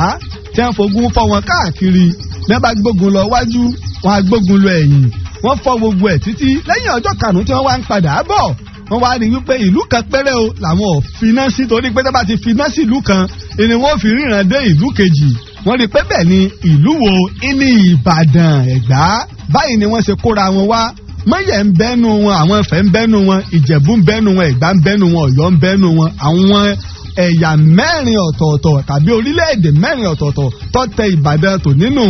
[SPEAKER 3] tí wọ́n fogun fọ́ wọn káàkiri bí wọ́n bá gbógun lọ wájú wọ́n á gbógun lọ ẹ̀yìn wọ́n fọ gbogbo ẹ̀ títí lẹ́yìn ọjọ́ karùn-ún tí wọ́n wá ń padà bọ̀ wọ́n wá rí wípé ìlú kan péré o làwọn ò finá sí torí pé tó bá ti finá sí ìlú kan ni wọ́n fi ríran dé ìlú kejì wọ́n rí pé bẹ́ẹ̀ ni ìlú wo ní Ìbàdàn Ẹ̀gbá báyìí ni wọ́n ṣe kóra wọn wá mọ́yẹ̀ ń bẹ́nu wọn àwọn Ifẹ̀ ń bẹ́nu wọn Ìjẹ̀bú ń bẹ́nu wọn Ẹ̀gbá ń bẹ́nu wọn Ọ̀yọ́ ń bẹ́nu wọn àwọn ẹ̀yà mẹ́rin ọ̀tọ̀ọ̀tọ̀ tàbí orílẹ̀-èdè mẹ́rin ọ̀tọ̀ọ̀tọ̀ tó tẹ Ìbàdàn tò nínú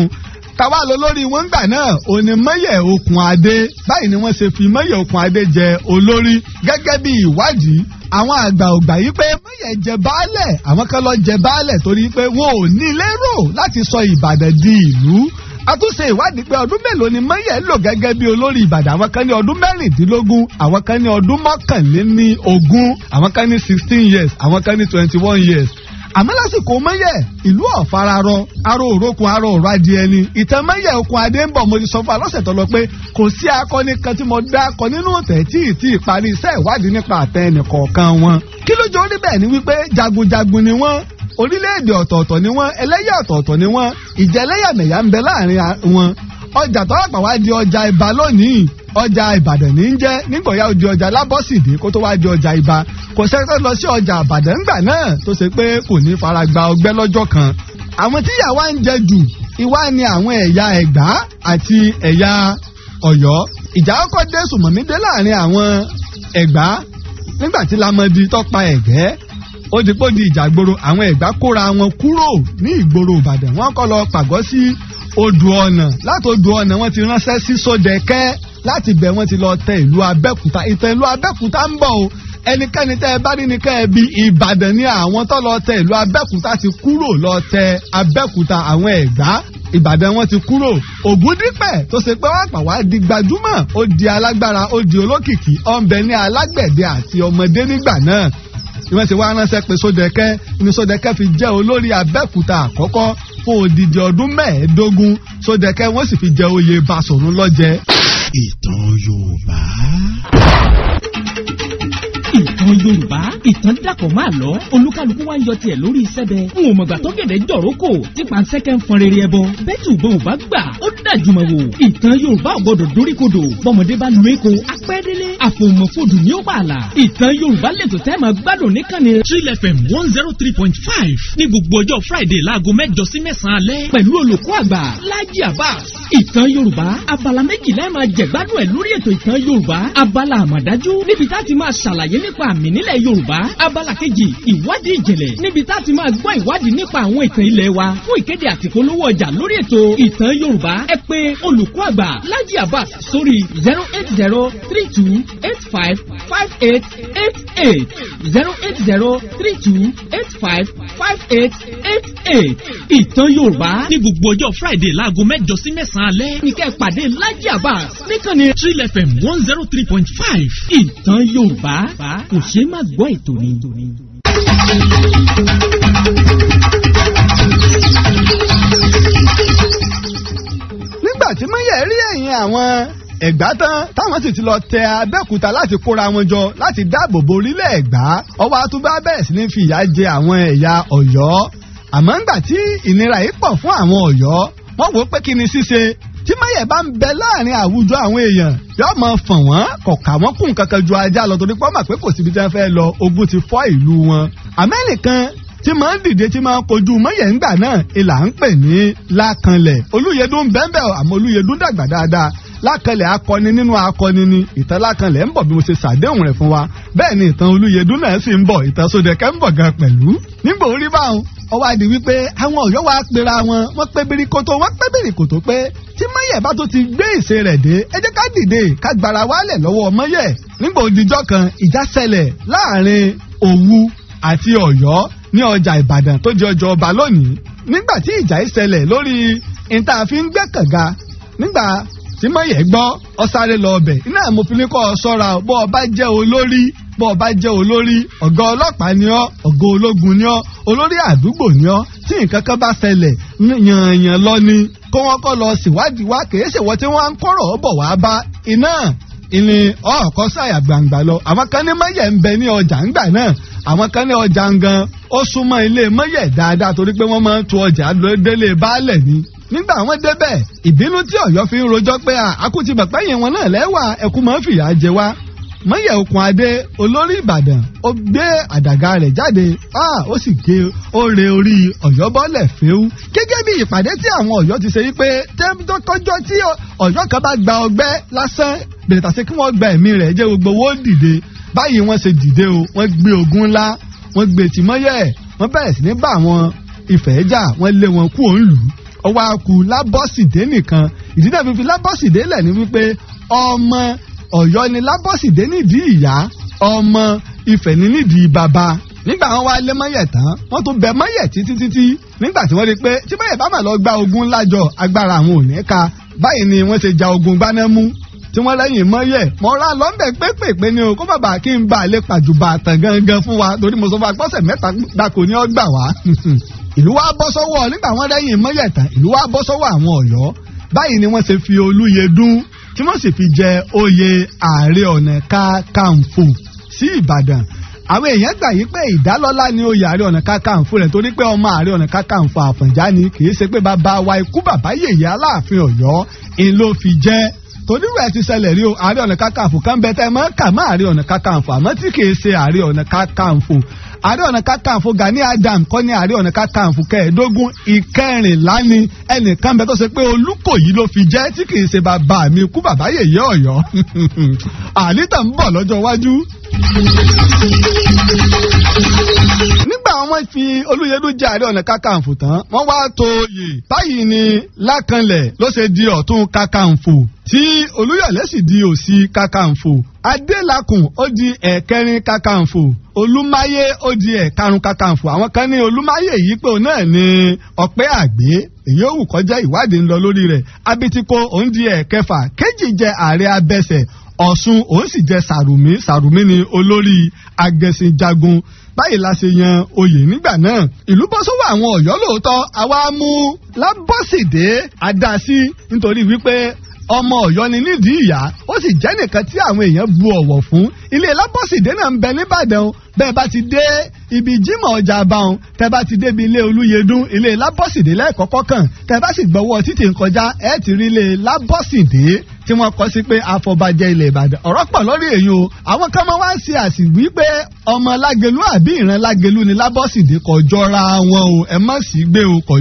[SPEAKER 3] tàwa lọ lórí wọn gbà náà òní mọ́yẹ̀ okùn adé báyìí ni wọ́n ṣe fi mọ́yẹ̀ okùn adé jẹ olórí gẹ́gẹ́ bí ìwádìí àwọn àgbà ògbà yìí pé mọ́yẹ̀ jẹ baálẹ̀ àwọn kan lọ jẹ baálẹ̀ torí pé wọn ò ní lérò láti sọ ìbàdàn di ìlú a ìwádìí pé ọdún mélòó ni mọ́yẹ̀ lò gẹ́gẹ́ bí olórí ìbàdàn àwọn kan ní ọdún mẹ́rìndínlógún àwọn kan ní ọdún mọ́kànléní ogún àwọn kan ní sixteen years àwọn kan ní twenty one years àmọ́ lásìkò mẹ́yẹ̀ ìlú ọ̀fararọ aró òrókun aró ọ̀rọ̀ adìẹ ni ìtàn mẹ́yẹ̀ okun adé ń bọ̀ mo ti sọ fún alọ́sẹ̀ tó lọ pé kò sí akọni kan tí mo dá akọ nínú tẹ̀ tí ì tí ì parí iṣẹ́ ìwádìí nípa àtẹ ẹnìkọ̀ọ̀kan wọn kí ló jọ orí bẹ́ẹ̀ ni wípé jagunjagun ni wọ́n orílẹ̀-èdè ọ̀tọ̀ọ̀tọ̀ ni wọ́n ẹlẹ́yà ọ̀tọ̀ọ̀tọ̀ ni wọ́n ìjẹ́lẹ́yàmẹ̀yà ń bẹ láàrin wọn ọjà tó àpà wá di ọjà ibà lónìí ọjà ìbàdàn ní í jẹ́ nígbòyà ó di ọjà lábọ́sídìí kó tó wá di ọjà ibà kò sẹ́ni tó lọ sí ọjà ìbàdàn ńgbà náà tó ṣe pé kò ní fara gba ọgbẹ́ lọ́jọ́ kan àwọn tíyà wá ń jẹ jù ìwá ni àwọn ẹ̀yà ẹ̀gbá àti ẹ̀yà ọ̀yọ́ ìjà ọkọ̀ dé sùmọ̀mídé láàrin àwọn ẹ̀gbá nígbà tí lamọdi tọ́pa ẹ̀gẹ́ ó ti pọ́ ìjà gboro àwọn ẹ̀gbá kóra wọn kúrò ní ìgboro ìbàdàn wọn kọ́ lọ pàgọ́ sí odò ọ̀nà láti odò ọ̀nà wọ́n ti ránṣẹ́ sí Sódẹ̀kẹ́ láti bẹ̀ wọ́n ti lọ tẹ ìlú Abẹ́òkúta ìtàn ìlú Abẹ́òkúta ń bọ̀ o ẹnikẹ́ni tẹ́ ẹ bá rí nìkan ẹ bí Ìbàdàn ni àwọn tó lọ tẹ ìlú Abẹ́òkúta ti kúrò lọ tẹ Abẹ́òkúta àwọn Ẹ̀gbá Ìbàdàn wọn ti kúrò Ògúndípẹ̀ tó ṣe pé wọ́n pa wá di gbajúmọ̀ ó di alágbára ó di olókìkí ọ̀nbẹ ní alágbẹ̀dẹ àti ọmọdé nígbà náà ìwọ́n ti wá ránṣẹ́ pé Sódẹ̀kẹ́ ni Sódẹ̀kẹ́ fi jẹ́ olórí Abẹ́òkúta àkọ́kọ́ fún odidi ọdún mẹ́ẹ̀ẹ́dógún sódẹ̀kẹ́ wọ́n sì fi jẹ oyè Basọ̀run lọ́jẹ.
[SPEAKER 2] ìtàn Yorùbá
[SPEAKER 3] ìtàn yorùbá
[SPEAKER 4] ìtàn dàpọ̀ máa lọ olúkálùkù wa ń yọ tiẹ̀ lórí sẹ́bẹ̀ n ò mọ̀gbà tó gẹ̀dẹ̀ jọ̀rọ̀ kò tí pàǹsẹ́kẹ́ ń fọn rere ẹbọ bẹ́tù bọ́n ò bá gbà ó dájúmọ̀ wò ìtàn yorùbá ò gbọdọ̀ dóríkodò bọ́mọdé bá lu èkó apẹ́délé àfòmọ̀fòdù ní ó bàlà ìtàn yorùbá lẹ́tọ̀ tẹ́ máa gbádùn níkànnì Thrill FM one zero oh three friday láago mẹ́jọ sí mẹ́sàn-án alẹ́ pẹ̀lú olùkọ́ àgbà Laji Abbas ìtàn yorùbá abala méjìlá máa jẹ̀gbádùn ẹ̀ lórí ètò ìtàn abala àmàdájú níbi tá a nípa àmì nílẹ̀ Yorùbá abala kejì ìwádìí ìjìnlẹ̀ níbi tá a ti máa gbọ́ ìwádìí nípa àwọn ìtàn ilẹ̀ wa fún ìkéde àti ọjà lórí ètò ìtàn Yorùbá ẹ pè olùkọ́ àgbà Laji Abbas sórí zero eight zero three two eight five five eight eight eight zero eight zero three two eight five five eight eight eight ìtàn Yorùbá ní gbogbo ọjọ́ Friday láago mẹ́jọ sí mẹ́sàn-án alẹ́ ní kẹ́ pàdé Laji Abbas níkànnì Trill FM one zero three point five ìtàn Yorùbá kò ṣeé má gbọ́ ètò ni.
[SPEAKER 3] nígbà tí mọ́yẹ̀ rí ẹ̀yìn àwọn ẹ̀gbá tán táwọn sì ti lọ tẹ abẹ́òkúta láti kóra wọn jọ láti dáàbò bo orílẹ̀ ẹ̀gbá ọwọ́ àtúbà bẹ́ẹ̀ sì ní fi ìyà jẹ àwọn ẹ̀yà ọ̀yọ́ àmọ́ ńgbà tí ìnira yìí pọ̀ fún àwọn ọ̀yọ́ wọ́n wò ó pé kí ni ṣíṣe tí máyẹ̀ bá ń bẹ láàrin àwùjọ àwọn èèyàn yóò máa fọ̀n wọ́n kò kà wọ́n kún kankan ju ajá lọ torí pé wọ́n mọ̀ pé kò síbi tí wọ́n fẹ́ lọ ogun ti fọ́ ìlú wọn. àmẹ́nìkan tí máa ń dìde tí máa ń kojú mọ́yẹ̀ ńgbà náà ìlà ń pè ní lákanlẹ̀ olúyẹdùn bẹ́ẹ̀bẹ́ẹ̀ àmọ́ olúyẹdùn dàgbà dáadáa lákanlẹ̀ akọni nínú akọni ni ìtàn lákanlẹ̀ ń bọ̀ bí mo ṣe ṣàdéhùn rẹ̀ fún wa bẹ́ẹ̀ ni ìtàn olúyẹdùn náà sì ń bọ̀ ìtàn sódẹ̀kẹ́ ń bọ̀ gan pẹ̀lú nígbà orí báwọn ọwọ́ àdì wípé àwọn ọ̀yọ́ wa pera wọn wọ́n pé birikoto wọ́n pé birikoto pé tí mọ́yẹ̀ bá tó ti gbé ìṣe rẹ̀ dé ẹ jẹ́ ká dìde ká gbára wálẹ̀ lọ́wọ́ mọ́yẹ̀ nígbà òdìjọ́ kan ìjà ṣẹlẹ̀ láàrin Òwu àti Ọ̀yọ́ ní ọjà Ìbàdàn tó jẹ́ ọjọ́ ọba lónìí nígbà tí ìjà ìṣẹlẹ̀ lórí ìta fi ń gbẹ́ kànga nígbà tí mọ́yẹ̀ gbọ́ ọ sáré lọ ọbẹ̀ iná mo fi ní kọ́ ọ sọ́ra bọ́ ọ jẹ́ olórí bọ́ ọ bá jẹ́ olórí ọ̀gá ọlọ́pàá ni ọ́ ọ̀gá ológun ni ọ́ olórí àdúgbò ni ọ́ tí nǹkan kan bá ṣẹlẹ̀ yànyàn lọ ni kó wọ́n kọ́ lọ síwádìí wá kèé ṣèwọ́ tí wọ́n á ń kọ́rọ̀ ọ́ bọ̀ wá bá iná ìní ọ̀ọ́kọ́ ṣàyà gbangba lọ àwọn kan ní mọ́yẹ̀ ń bẹ ní ọjà ńgbà náà àwọn kan ní ọjà ń gan ó súnmọ́ ilé mọ́yẹ̀ dáadáa torí pé wọ́n máa ń tu ọjà délé baálẹ̀ ni nígbà wọn débẹ̀ ìbínú tí Ọ̀yọ́ fi ń rojọ́ pé àkútìmọ̀pẹ́yìn wọn náà lẹ́wà ẹ̀kú máa ń fìyà jẹ wá mọ́yẹ̀ okùn adé olórí ìbàdàn ó gbé àdàgà rẹ̀ jáde ó sì gé oore orí ọ̀yọ́ bọ́lẹ̀ fẹ́ú gẹ́gẹ́ bí ìpàdé tí àwọn ọ̀yọ́ ti ṣe wípé tẹ́ńtọ́kọ́jọ́ tí ọ̀yọ́ kan bá gba ọgbẹ́ lásán bèrè tàṣe kí wọ́n gba ẹ̀mí rẹ̀ jẹ́ gbogbo owó dìde báyìí wọ́n ṣe dìde o wọ́n gbé ogun ńlá wọ́n gbé tìmọ́yẹ̀ wọ́n bẹ̀rẹ̀ sí ní bá àwọn ìfẹ́ jà wọ́n lé wọn kú òǹlù ọwọ́ akú lábọ́sìdé nìkan ìdílé fífi lábọ́sìdé lẹ̀ ní wípé ọmọ ọ̀yọ́ ni lábọ́sídé nídìí ìyá ọmọ ifẹ̀ ní nídìí bàbá nígbà wọn wá lé mọ́yẹ̀ tán wọ́n tún bẹ mọ́yẹ̀ títí títí nígbà tí wọ́n rí i pé tí mọ́yẹ̀ bá mà lọ gba ogun ńlá jọ agbára àwọn ò ní ka báyìí ni wọ́n ṣe ja ogun gbanámú tí wọ́n lẹ́yìn mọ́yẹ̀ mọ́ ra lọ́nbẹ̀ pépèpé ni o kó bàbá kí n bá lè pàjùbà tàn gangan fún wa torí mo sọ fún wa gbọ́sẹ̀ mẹ́ta gbàkó ni ó gbà wá. ìlú wa bọ́ sọ́wọ́ nígbà wọ́n lẹ́yìn mọ́yẹ̀ tán ìlú wa bọ́ sọ́wọ́ àwọn ọ̀yọ́ báyìí ni wọ́n ṣe fi olúyẹdùn tí wọ́n sì fi jẹ oyè ààrẹ ọ̀nà kakanfò sí ìbàdàn àwọn èèyàn gbà yí pé ìdálọ́lá ni oyè ààrẹ ọ̀nà kakanfò rẹ̀ torí pé ọmọ ààrẹ ọ̀nà kakanfò àfọ̀njá ni kì í ṣe pé bàbá wa ikú bàbá yèyé aláàfin ọ̀yọ́ ń ló fi jẹ́ torí rẹ̀ ti ṣẹlẹ̀ rí o ààrẹ ọ̀nà kakanfò kan bẹ tẹ́ mọ́ kà má ààrẹ ọ̀nà kakanfò àmọ́ tí kì í ṣe ààrẹ ọ̀nà kakanfò ààrẹ ọ̀nà kakanfò Gani Adam kọ́ ní ààrẹ ọ̀nà kakanfò kẹẹ̀ẹ́dógún ìkẹrìnlá ni ẹnìkan bẹ tó ṣe pé Olúkòyí ló fi jẹ́ tí kì í ṣe bàbá mi kú bàbá yèyé Ọ̀yọ́ àlítà ń bọ̀ lọ́jọ́ iwájú wọ́n fi olúyẹdú jẹ ààrẹ ọ̀nà kàkàǹfò tán wọ́n wá tó yè báyìí ni lákànlẹ̀ ló ṣe di ọ̀tún kàkàǹfò tí olúyọ̀lé sì di òsì kàkàǹfò adélakùn ó di ẹ̀kẹrin kàkàǹfò olúmáyé ó di ẹ̀karùn kàkàǹfò àwọn kan ní olúmáyé yìí pé òun náà ni ọ̀pẹ́ àgbé èyí ò wù kọjá ìwádìí ń lọ lórí rẹ̀ abitiko òun di ẹ̀kẹfà kejì jẹ ààrẹ abẹsẹ̀ ọ̀ṣun òun sì jẹ sàrùmí sàrùmí ni olórí agẹṣinjagun báyìí la ṣe yan oyè nígbà náà ìlú bọ́ sọ́wọ́ àwọn ọ̀yọ́ lóòótọ́ àwa mú lábọ́sídé àdásí nítorí wípé ọmọ ọ̀yọ́ ni nídìí ìyá ó sì jẹ́ nìkan tí àwọn èèyàn bu ọ̀wọ̀ fún ilé lábọ́sídé náà ń bẹ níbàdàn bẹ́ẹ̀ bá ti dé ibi Jímọ̀ ọjà àbáhùn tẹ́ bá ti débi ilé Olúyẹdùn ilé Lábọ́sìdé lẹ́ẹ̀kọ́kọ́ kàn tẹ́ bá sì gbọ́wọ́ títì ń kọjá ẹ̀ ti rí ilé Lábọ́sìdé tí wọ́n kọ sí pé afọbajẹ ilẹ̀ Ìbàdàn ọ̀rọ̀ pọ̀ lórí èyí o àwọn kan máa wá ṣe àṣìwí pé ọmọ Lágelú àbí ìran Lágelú ni Lábọ́sìdé kò jọra wọn o ẹ má sì gbé o kò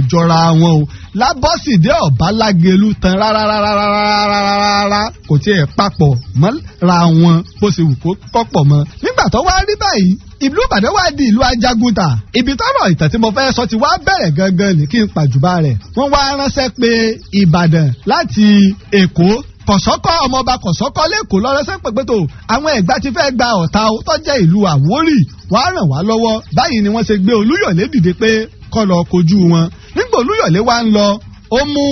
[SPEAKER 3] wọn o Lábọ́sìdé ọ̀bá Lágelú tan rárá rárá rárá rárá kò tiẹ̀ papọ̀ mọ́ ra wọn bó ṣe wù kó kọ́pọ̀ mọ́ nígbà tó wá rí báyìí ìlú ìbàdàn wá di ìlú ajagunta ibi tọrọ ìtàn tí mo fẹ́ sọ ti wá bẹ̀rẹ̀ gangan ní kí n pàjùbà rẹ̀ wọ́n wá ránṣẹ́ pé ìbàdàn láti èkó kọ̀sọ́kọ́ ọmọọba kọ̀sọ́kọ́ lẹ́kọ̀ọ́ lọ́rẹ́sẹ́ pẹ̀pẹ́tò àwọn ẹ̀gbá ti fẹ́ gba ọ̀tá tọ́jẹ́ ìlú àwórì wàá ràn wá lọ́wọ́ báyìí ni wọ́n ṣe gbé olúyọ̀lé dìde pé kọ́ kojú wọn nígbà olúyọ̀lé wa ń lọ ó mú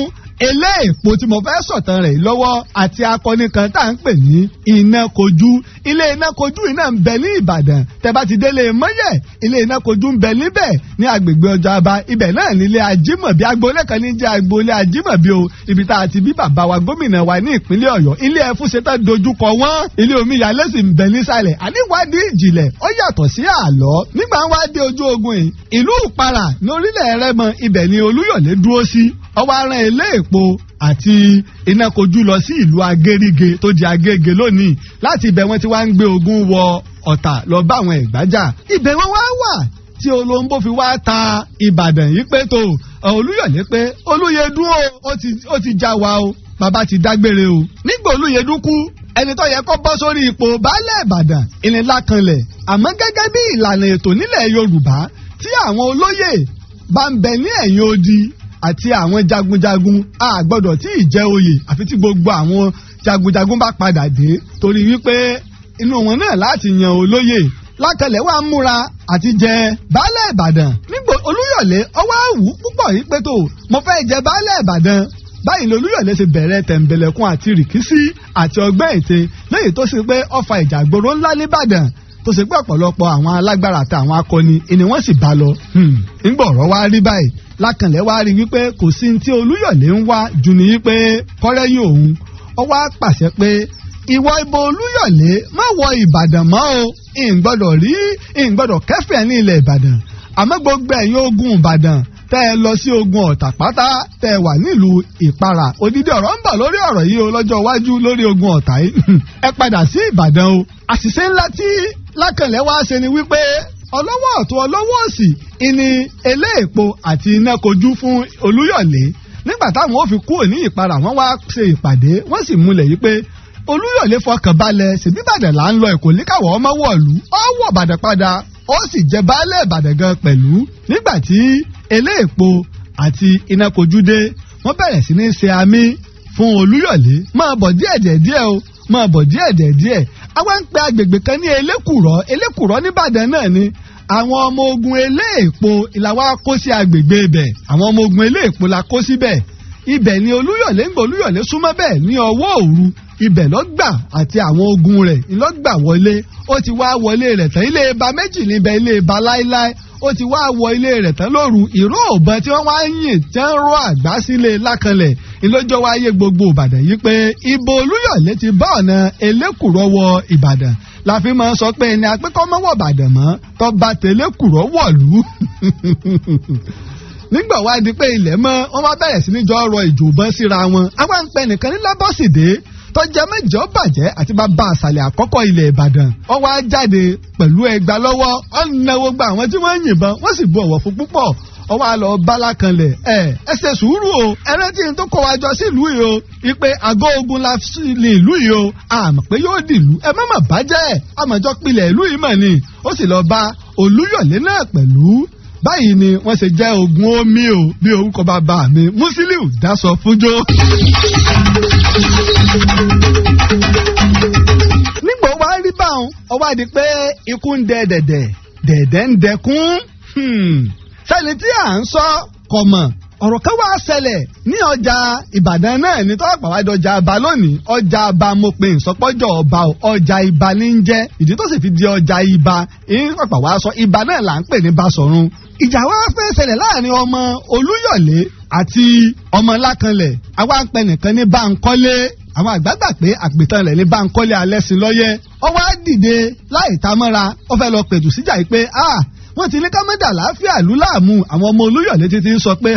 [SPEAKER 3] eléèpo tí mo fẹ́ sọ̀tàn rẹ̀ lọ́wọ́ àti akọni kan tá à ń pè ní iná kojú ilé iná kojú iná ń bẹ ní Ìbàdàn tẹ́bá ti délé mọ́yẹ̀ ilé iná kojú ń bẹ níbẹ̀ ní agbègbè ọjọ́ aba ibẹ̀ náà nílé ajímọ̀bí agboolé kan ní jẹ́ agboolé ajímọ̀bí o ibi tá a ti bí bàbá wa gómìnà wa ní ìpínlẹ̀ Ọ̀yọ́ ilé ẹ̀fúnṣe tán dojúkọ wọ́n ilé omíyalé sì ń bẹ nísàlẹ̀ àníwádìí ìjìnlẹ̀ ó yàtọ̀ sí àlọ́ nígbà wá dé ojú epo àti iná kojú lọ sí ìlú agérige tó di agége lónìí láti ibẹ̀ wọ́n ti wá ń gbé ogun wọ ọ̀tà lọ bá àwọn ìgbájà ibẹ̀ wọ́n wá wà tí olóńgbò fi wá ta ìbàdàn yìí pé tó olúyọ̀lé pé olúyẹdùn o ó ti já wa o bàbá ti dágbére o nígbà olúyẹdùn kú ẹni tó yẹ kó bọ́ sórí ipò baálẹ̀ ìbàdàn ìnìlá kanlẹ̀ àmọ́ gẹ́gẹ́ bí ìlànà ètò nílẹ̀ yorùbá tí àwọn olóyè bá ń bẹ ní ẹ̀yìn odi àti àwọn jagunjagun a gbọ́dọ̀ tí ì jẹ oyè àfi tí gbogbo àwọn jagunjagun bá padà dé torí wípé inú wọn náà láti yan olóyè látẹlẹ wàá múra àti jẹ baálẹ̀ ìbàdàn nígbà olúyọ̀lé ọwọ́ àwù púpọ̀ yìí pé tó mo fẹ́ jẹ baálẹ̀ ìbàdàn báyìí lolúyọ̀lé ṣe bẹ̀rẹ̀ tẹ̀m̀bẹ̀lẹ̀kun àti rìkísí àti ọgbẹ́ ète lẹ́yìn tó ṣe pé ọfà ìjàgboro ńlá nìbàdàn tó ṣe pé ọ̀pọ̀lọpọ̀ àwọn alágbára àtàwọn akọni ni wọ́n sì bá lọ. Hmm. ńgbọ̀ ọ̀rọ̀ wá rí báyìí lákànlẹ̀ wá rí wípé kò sí ní tí olúyọ̀lé ń wá ju ní wípé kọ́rẹ́yìn òun ó wá pàṣẹ pé ìwọ ìbò olúyọ̀lé má wọ ìbàdàn mọ́ o ìǹgbọ́dọ̀ rí ìǹgbọ́dọ̀ kẹ́fẹ̀ẹ́ ní ilẹ̀ ìbàdàn àmọ́ gbogbo ẹ̀yin ogun ìbàdàn tẹ́ ẹ lọ sí ogun ọ̀tà pátá tẹ́ ẹ wà nílùú ìpara odidi ọ̀rọ̀ ń bọ̀ lórí ọ̀rọ̀ yìí o lọ́jọ́ iwájú lórí ogun ọ̀tà yìí ẹ padà sí ìbàdàn o àṣìṣe ńlá tí lákànlẹ̀ wá ṣe ni wípé ọlọ́wọ́ ọ̀tún ọlọ́wọ́ òsì ìní eléèpo àti iná kojú fún olúyọ̀lé nígbà táwọn ò fi kúrò ní ìpara wọn wá ṣe ìpàdé wọ́n sì múlẹ̀ yìí pé olúyọ̀lé fọkàn balẹ̀ ṣèbí ìbàdàn là ń lọ èkó níkàwọ́ ọmọ wọ̀lú ọ wọ̀ bàdàn padà ó sì jẹ baálẹ̀ ìbàdàn gan pẹ̀lú nígbà tí eléèpo àti iná kojú dé wọ́n bẹ̀rẹ̀ sí ní ṣe àmì fún olúyọ̀lé máa bọ̀ díẹ̀díẹ̀ díẹ̀ o máa bọ̀ díẹ̀díẹ̀ díẹ̀ a wá ń pe agbègbè kan ní elékùrọ́ elékùrọ́ nìbàdàn náà ni àwọn ọmọ ogun eléèpo làwa kó sí agbègbè ibẹ̀ àwọn ọmọ ogun eléèpo la kó síbẹ̀ ibẹ̀ ni olúyọ̀lé ń gbọ́ olúyọ̀lé súnmọ́ bẹ́ẹ̀ ní ọwọ́ òru ibẹ̀ lọ́gbà àti àwọn ogun rẹ̀ ńlọ́gbà wọlé ó ti wá wọlé rẹ̀ tán ilé ba méjì níbẹ̀ ilé ba láéláé ó ti wá wọ ilé rẹ̀ tán lóru ìró òbọn tí wọ́n wá ń yìn tí wọ́n ń rọ àgbá sílé lákanlẹ̀ ìlójọ́ wáyé gbogbo ìbàdàn yìí pé ibo olúyọ̀lé ti bá ọ̀nà elékùrọ̀ ìbàdàn la fi máa sọ pé ẹni apẹ́kọ́mọ́wọ̀ ìbàdàn mọ́ tó bá tẹ̀lékùrọ̀ wọ̀lú nígbà wá di pé ilẹ̀ mọ́ wọ́n bá bẹ̀rẹ̀ sí níjọ́ rọ ìjòbọ́n síra wọn àwọn àǹpẹ̀ nìkan ní lábọ́sídẹ̀ẹ́ tọ́jà mẹ́jọ bàjẹ́ àti bàbá àṣàlẹ̀ àkọ́kọ́ ilẹ̀ ìbàdàn wọ́n wá jáde pẹ̀lú ẹgbà lọ́wọ́ ọ̀nàwó gba àwọn tí wọ́n ń yìnbọn wọ́n sì bu ọ̀wọ̀ fún púpọ̀ ọwọ́ àlọ́ bala kanlẹ̀ ẹ ṣe sùúrù o ẹrántí tó kọ́ wa jọ sílùú yìí o ipe àgọ́ ogun la lè ìlú yìí o àmọ́ pé yóò dìlú ẹ má bàjẹ́ àmọ́jọ́ pilẹ̀ ìlú yìí mọ̀ ni ó sì lọ bá olúyọ̀lé náà pẹ̀lú báyìí ni wọ́n ṣe jẹ́ ogun omi o bí orúkọ bàbá mi Musiliu dá sọ fúnjó nígbà ó wá rí báwọn ó wá di pé ikú ń dẹ dẹ̀dẹ̀ dẹ̀dẹ̀ ń dẹkún sẹ́ni hmm. tí à ń sọ kọ̀ mọ̀ ọ̀rọ̀ kan wá ṣẹlẹ̀ ní ọjà ìbàdàn náà ní tọ́wọ́ pàwádìí ọjà ọba lónìí ọjà ọba mo pe ìsọpọ́jọ́ ọba ọjà ìbà ní ń jẹ́ ìdí tó sì fi di ọjà ìbà ìrìnkọ̀pà wá sọ ìbà náà là ń pè ní Basọ̀run ìjà wá fẹ́ ṣẹlẹ̀ láàrin ọmọ Olúyọ̀lé àti ọmọ Lákanlẹ̀ àwa ń pẹ nìkan ní Bánkọ́lé àwọn àgbàgbà pé àpètàn rẹ̀ lè bá ń kọ́lé alẹ́ sí lọ́yẹ́ ó wá dìde láì ta mọ́ra ó fẹ́ lọ pẹ̀tù síjà yìí pé ah wọ́n ti ní kámẹ́dà láàfíà ìlú láàmú àwọn ọmọ olúyọ̀lé ti ń sọ pé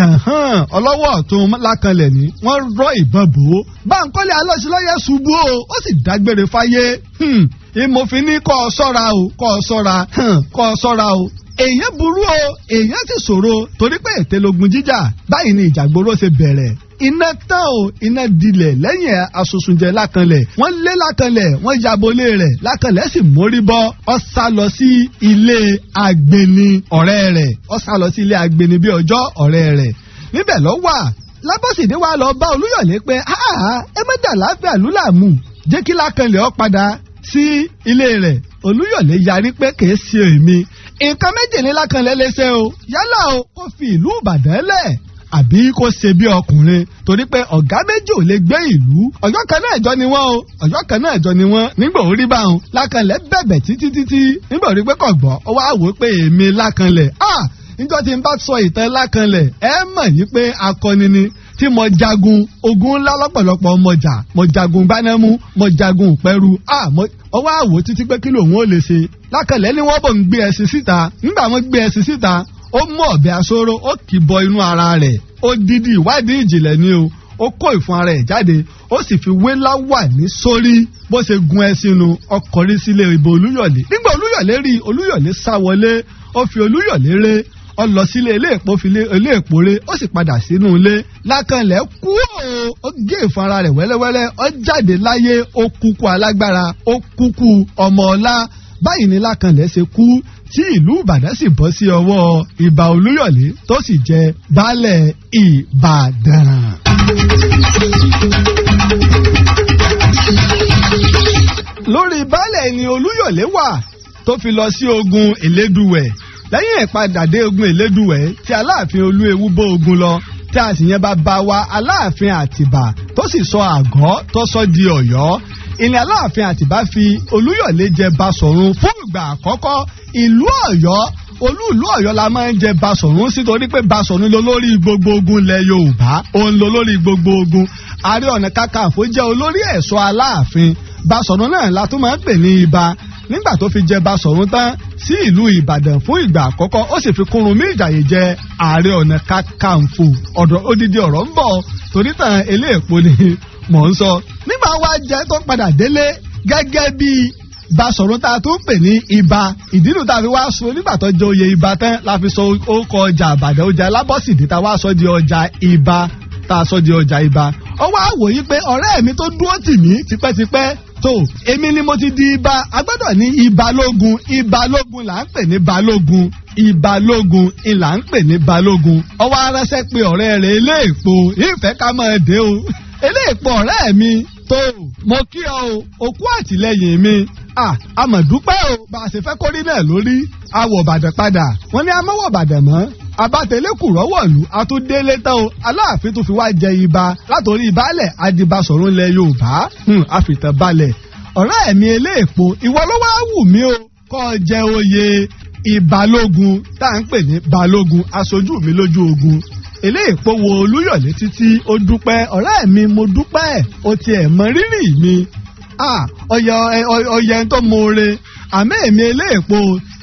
[SPEAKER 3] ọlọ́wọ́ ọ̀tún lákanlẹ̀ ni wọ́n rọ ìbọn bò ó báńkọ́lé alọ́sílọ́yẹ ṣubú o ó sì dágbére fáyé hmm, ìmọ̀fin ní kọ́ ọ sọ́ra o kọ́ ọ sọ́ra kọ́ ọ sọ́ra o èèyàn burú o èèyàn ti ṣòro torí pé ètè logun jíjà báyìí ni ìjàgbóró ṣe bẹ̀rẹ̀ iná tán o iná dilẹ̀ lẹ́yìn asosunjẹ lákànlẹ̀ wọ́n lé lákànlẹ̀ wọ́n yabolé rẹ̀ lákànlẹ̀ sì mórí bọ́ ó sá lọ sí ilé agbeni ọ̀rẹ́ rẹ̀ ó sá lọ sí ilé agbeni bí ọjọ́ ọ̀rẹ́ rẹ̀ níbẹ̀ lọ wà lábọ̀sídé wa lọ bá olúyọ̀lé pé ẹ má dà láfíà lúlàmù jẹ́ kí lákànlẹ̀ ọ padà sí ilé rẹ̀ olúyọ̀lé yarí pé kìí ṣe èmi nǹkan méjìlélákànlẹ̀ lẹ́sẹ̀ o yálà o kò fi ìlú ìbàdàn lẹ̀ àbí kó ṣe bí ọkùnrin torí pé ọ̀gá méjì ò lè gbé ìlú ọjọ́ kan náà jọ ni wọ́n o ọjọ́ kan náà jọ ni wọ́n nígbà orí bá wọn lákànlẹ̀ bẹ̀bẹ̀ títí títí nígbà orí pé kò ó wá wò ó pé èmi lákànlẹ̀ ah níjọ́ tí n bá sọ ìtàn lákànlẹ̀ ẹ mọ̀ yí pé akọni ni tí mo jagun ogun ńlá lọ́pọ̀lọpọ̀ mo jà mo jagun bánámú mo jagun pẹ́rù ah mo wá wò ó títí pé kí lòun ó lè ṣe lákànlẹ̀ ni wọ́n bò ń gbé ẹṣin síta nígbà wọn gbé ẹṣin síta ó mú ọ̀bẹ asóró ó kì í bọ inú ara rẹ̀ ó dídì ìwádìí ìjìnlẹ̀ ni o ó kó ìfun ara ẹ̀ jáde ó sì fi wélá wà ní sórí bó ṣe gun ẹṣin nu ọkọrí sílé ibo olúyọ̀lé nígbà olúyọ̀lé rí olúyọ̀lé sá wọlé ó fi olúyọ̀lé ré ó lọ sílé iléèpó fi iléèpó ré ó sì padà sínú ilé lákànlẹ̀ kú ó gé ìfun ara rẹ̀ wẹ́lẹ́wẹ́lẹ́ ó jáde láyé ó kúkú alágbára ó kúkú ọmọ ọlá báyìí ni lákànlẹ̀ ṣe kú tí ìlú ìbàdàn sì bọ́ sí ọwọ́ ìbà olúyọ̀lé tó sì jẹ baálẹ̀ ìbàdàn. lórí baálẹ̀ ni olúyọ̀lé wà tó fi lọ sí ogun elédùwẹ̀ lẹ́yìn ìpadàdé ogun elédùwẹ̀ tí aláàfin olú ewu bó ogun lọ tí a sì yẹn bá bá wa aláàfin àtìbà tó sì sọ àgọ́ tó sọ di ọ̀yọ́ ilẹ̀ aláàfin àtìbá fi olúyọ̀lé jẹ basọ̀run fún ìgbà àkọ́kọ́ ìlú ọ̀yọ́ olú ìlú ọ̀yọ́ la máa ń jẹ basọ̀run sítorí pé basọ̀run ló lórí gbogbo ogun ilẹ̀ yorùbá òun ló lórí gbogbo ogun ààrẹ ọ̀nà kakanfò jẹ́ olórí ẹ̀ṣọ́ aláàfin basọ̀run náà la tún máa ń pè ní ibà nígbà tó fi jẹ basọ̀run tán sí ìlú ìbàdàn fún ìgbà àkọ́kọ́ ó sì fi Kúrúnmí Ìjàyè jẹ ààrẹ ọ̀nà kakanfò ọ̀dọ̀ odidi ọ̀rọ̀ ń bọ̀ torítàn eléèpo ni mò ń sọ nígbà wa jẹ tó padà délé gẹ́gẹ́ bí Basọ̀run tá a tún pè ní ibà ìdílù tá a fi wá sọ nígbà tó jẹ oyè ibà tán la fi sọ orúkọ ọjà àbàdàn ọjà alábọ̀sídìí tá wá sọ di ọjà iba tá a sọ di ọjà ibà ó wá wòye pé ọ̀rẹ́ mi tó dúró tì mí tipẹ́tipẹ́ tó èmi ni mo ti di ibà a iba ní iba ibalogun là ń pè ní iba ibalogun ìlà ń pè ní balogun ó wá ránṣẹ́ pé ọ̀rẹ́ rẹ̀ ilé èpo ìfẹ́ ká máa dé o eléèpọ ọ̀rẹ́ mi tó mo kí ọ o òkú àtìlẹ́yìn mi àmọ̀dúpẹ́ o bá a ṣe fẹ́ kórí náà lórí awọ̀ ọ̀bàdàn padà wọ́n ní amọ́wọ̀ ọ̀bàdàn mọ́ abátẹlẹ́kùrọ́ wọ̀lú atúndélé tán o aláàfin tó fi wá jẹ ibà látòrí ìbálẹ̀ adìbàsọ̀rọ̀ ńlẹ̀ yorùbá àfìtànbalẹ̀ hmm, ọ̀rẹ́ mi eléèpo ìwọ ló wá wù mí o kọ́ jẹ oyè ìbálógun tá à ń pè ní balógun aṣojú mi lójú ogun eléyìí powó olúyọ̀lé títí ó dúpẹ́ ọ̀rẹ́ mi mo dúpẹ́ o tiẹ̀ mọ rírì mi ọ̀yẹ̀ ń tó moore àmọ́ èmi eléèpo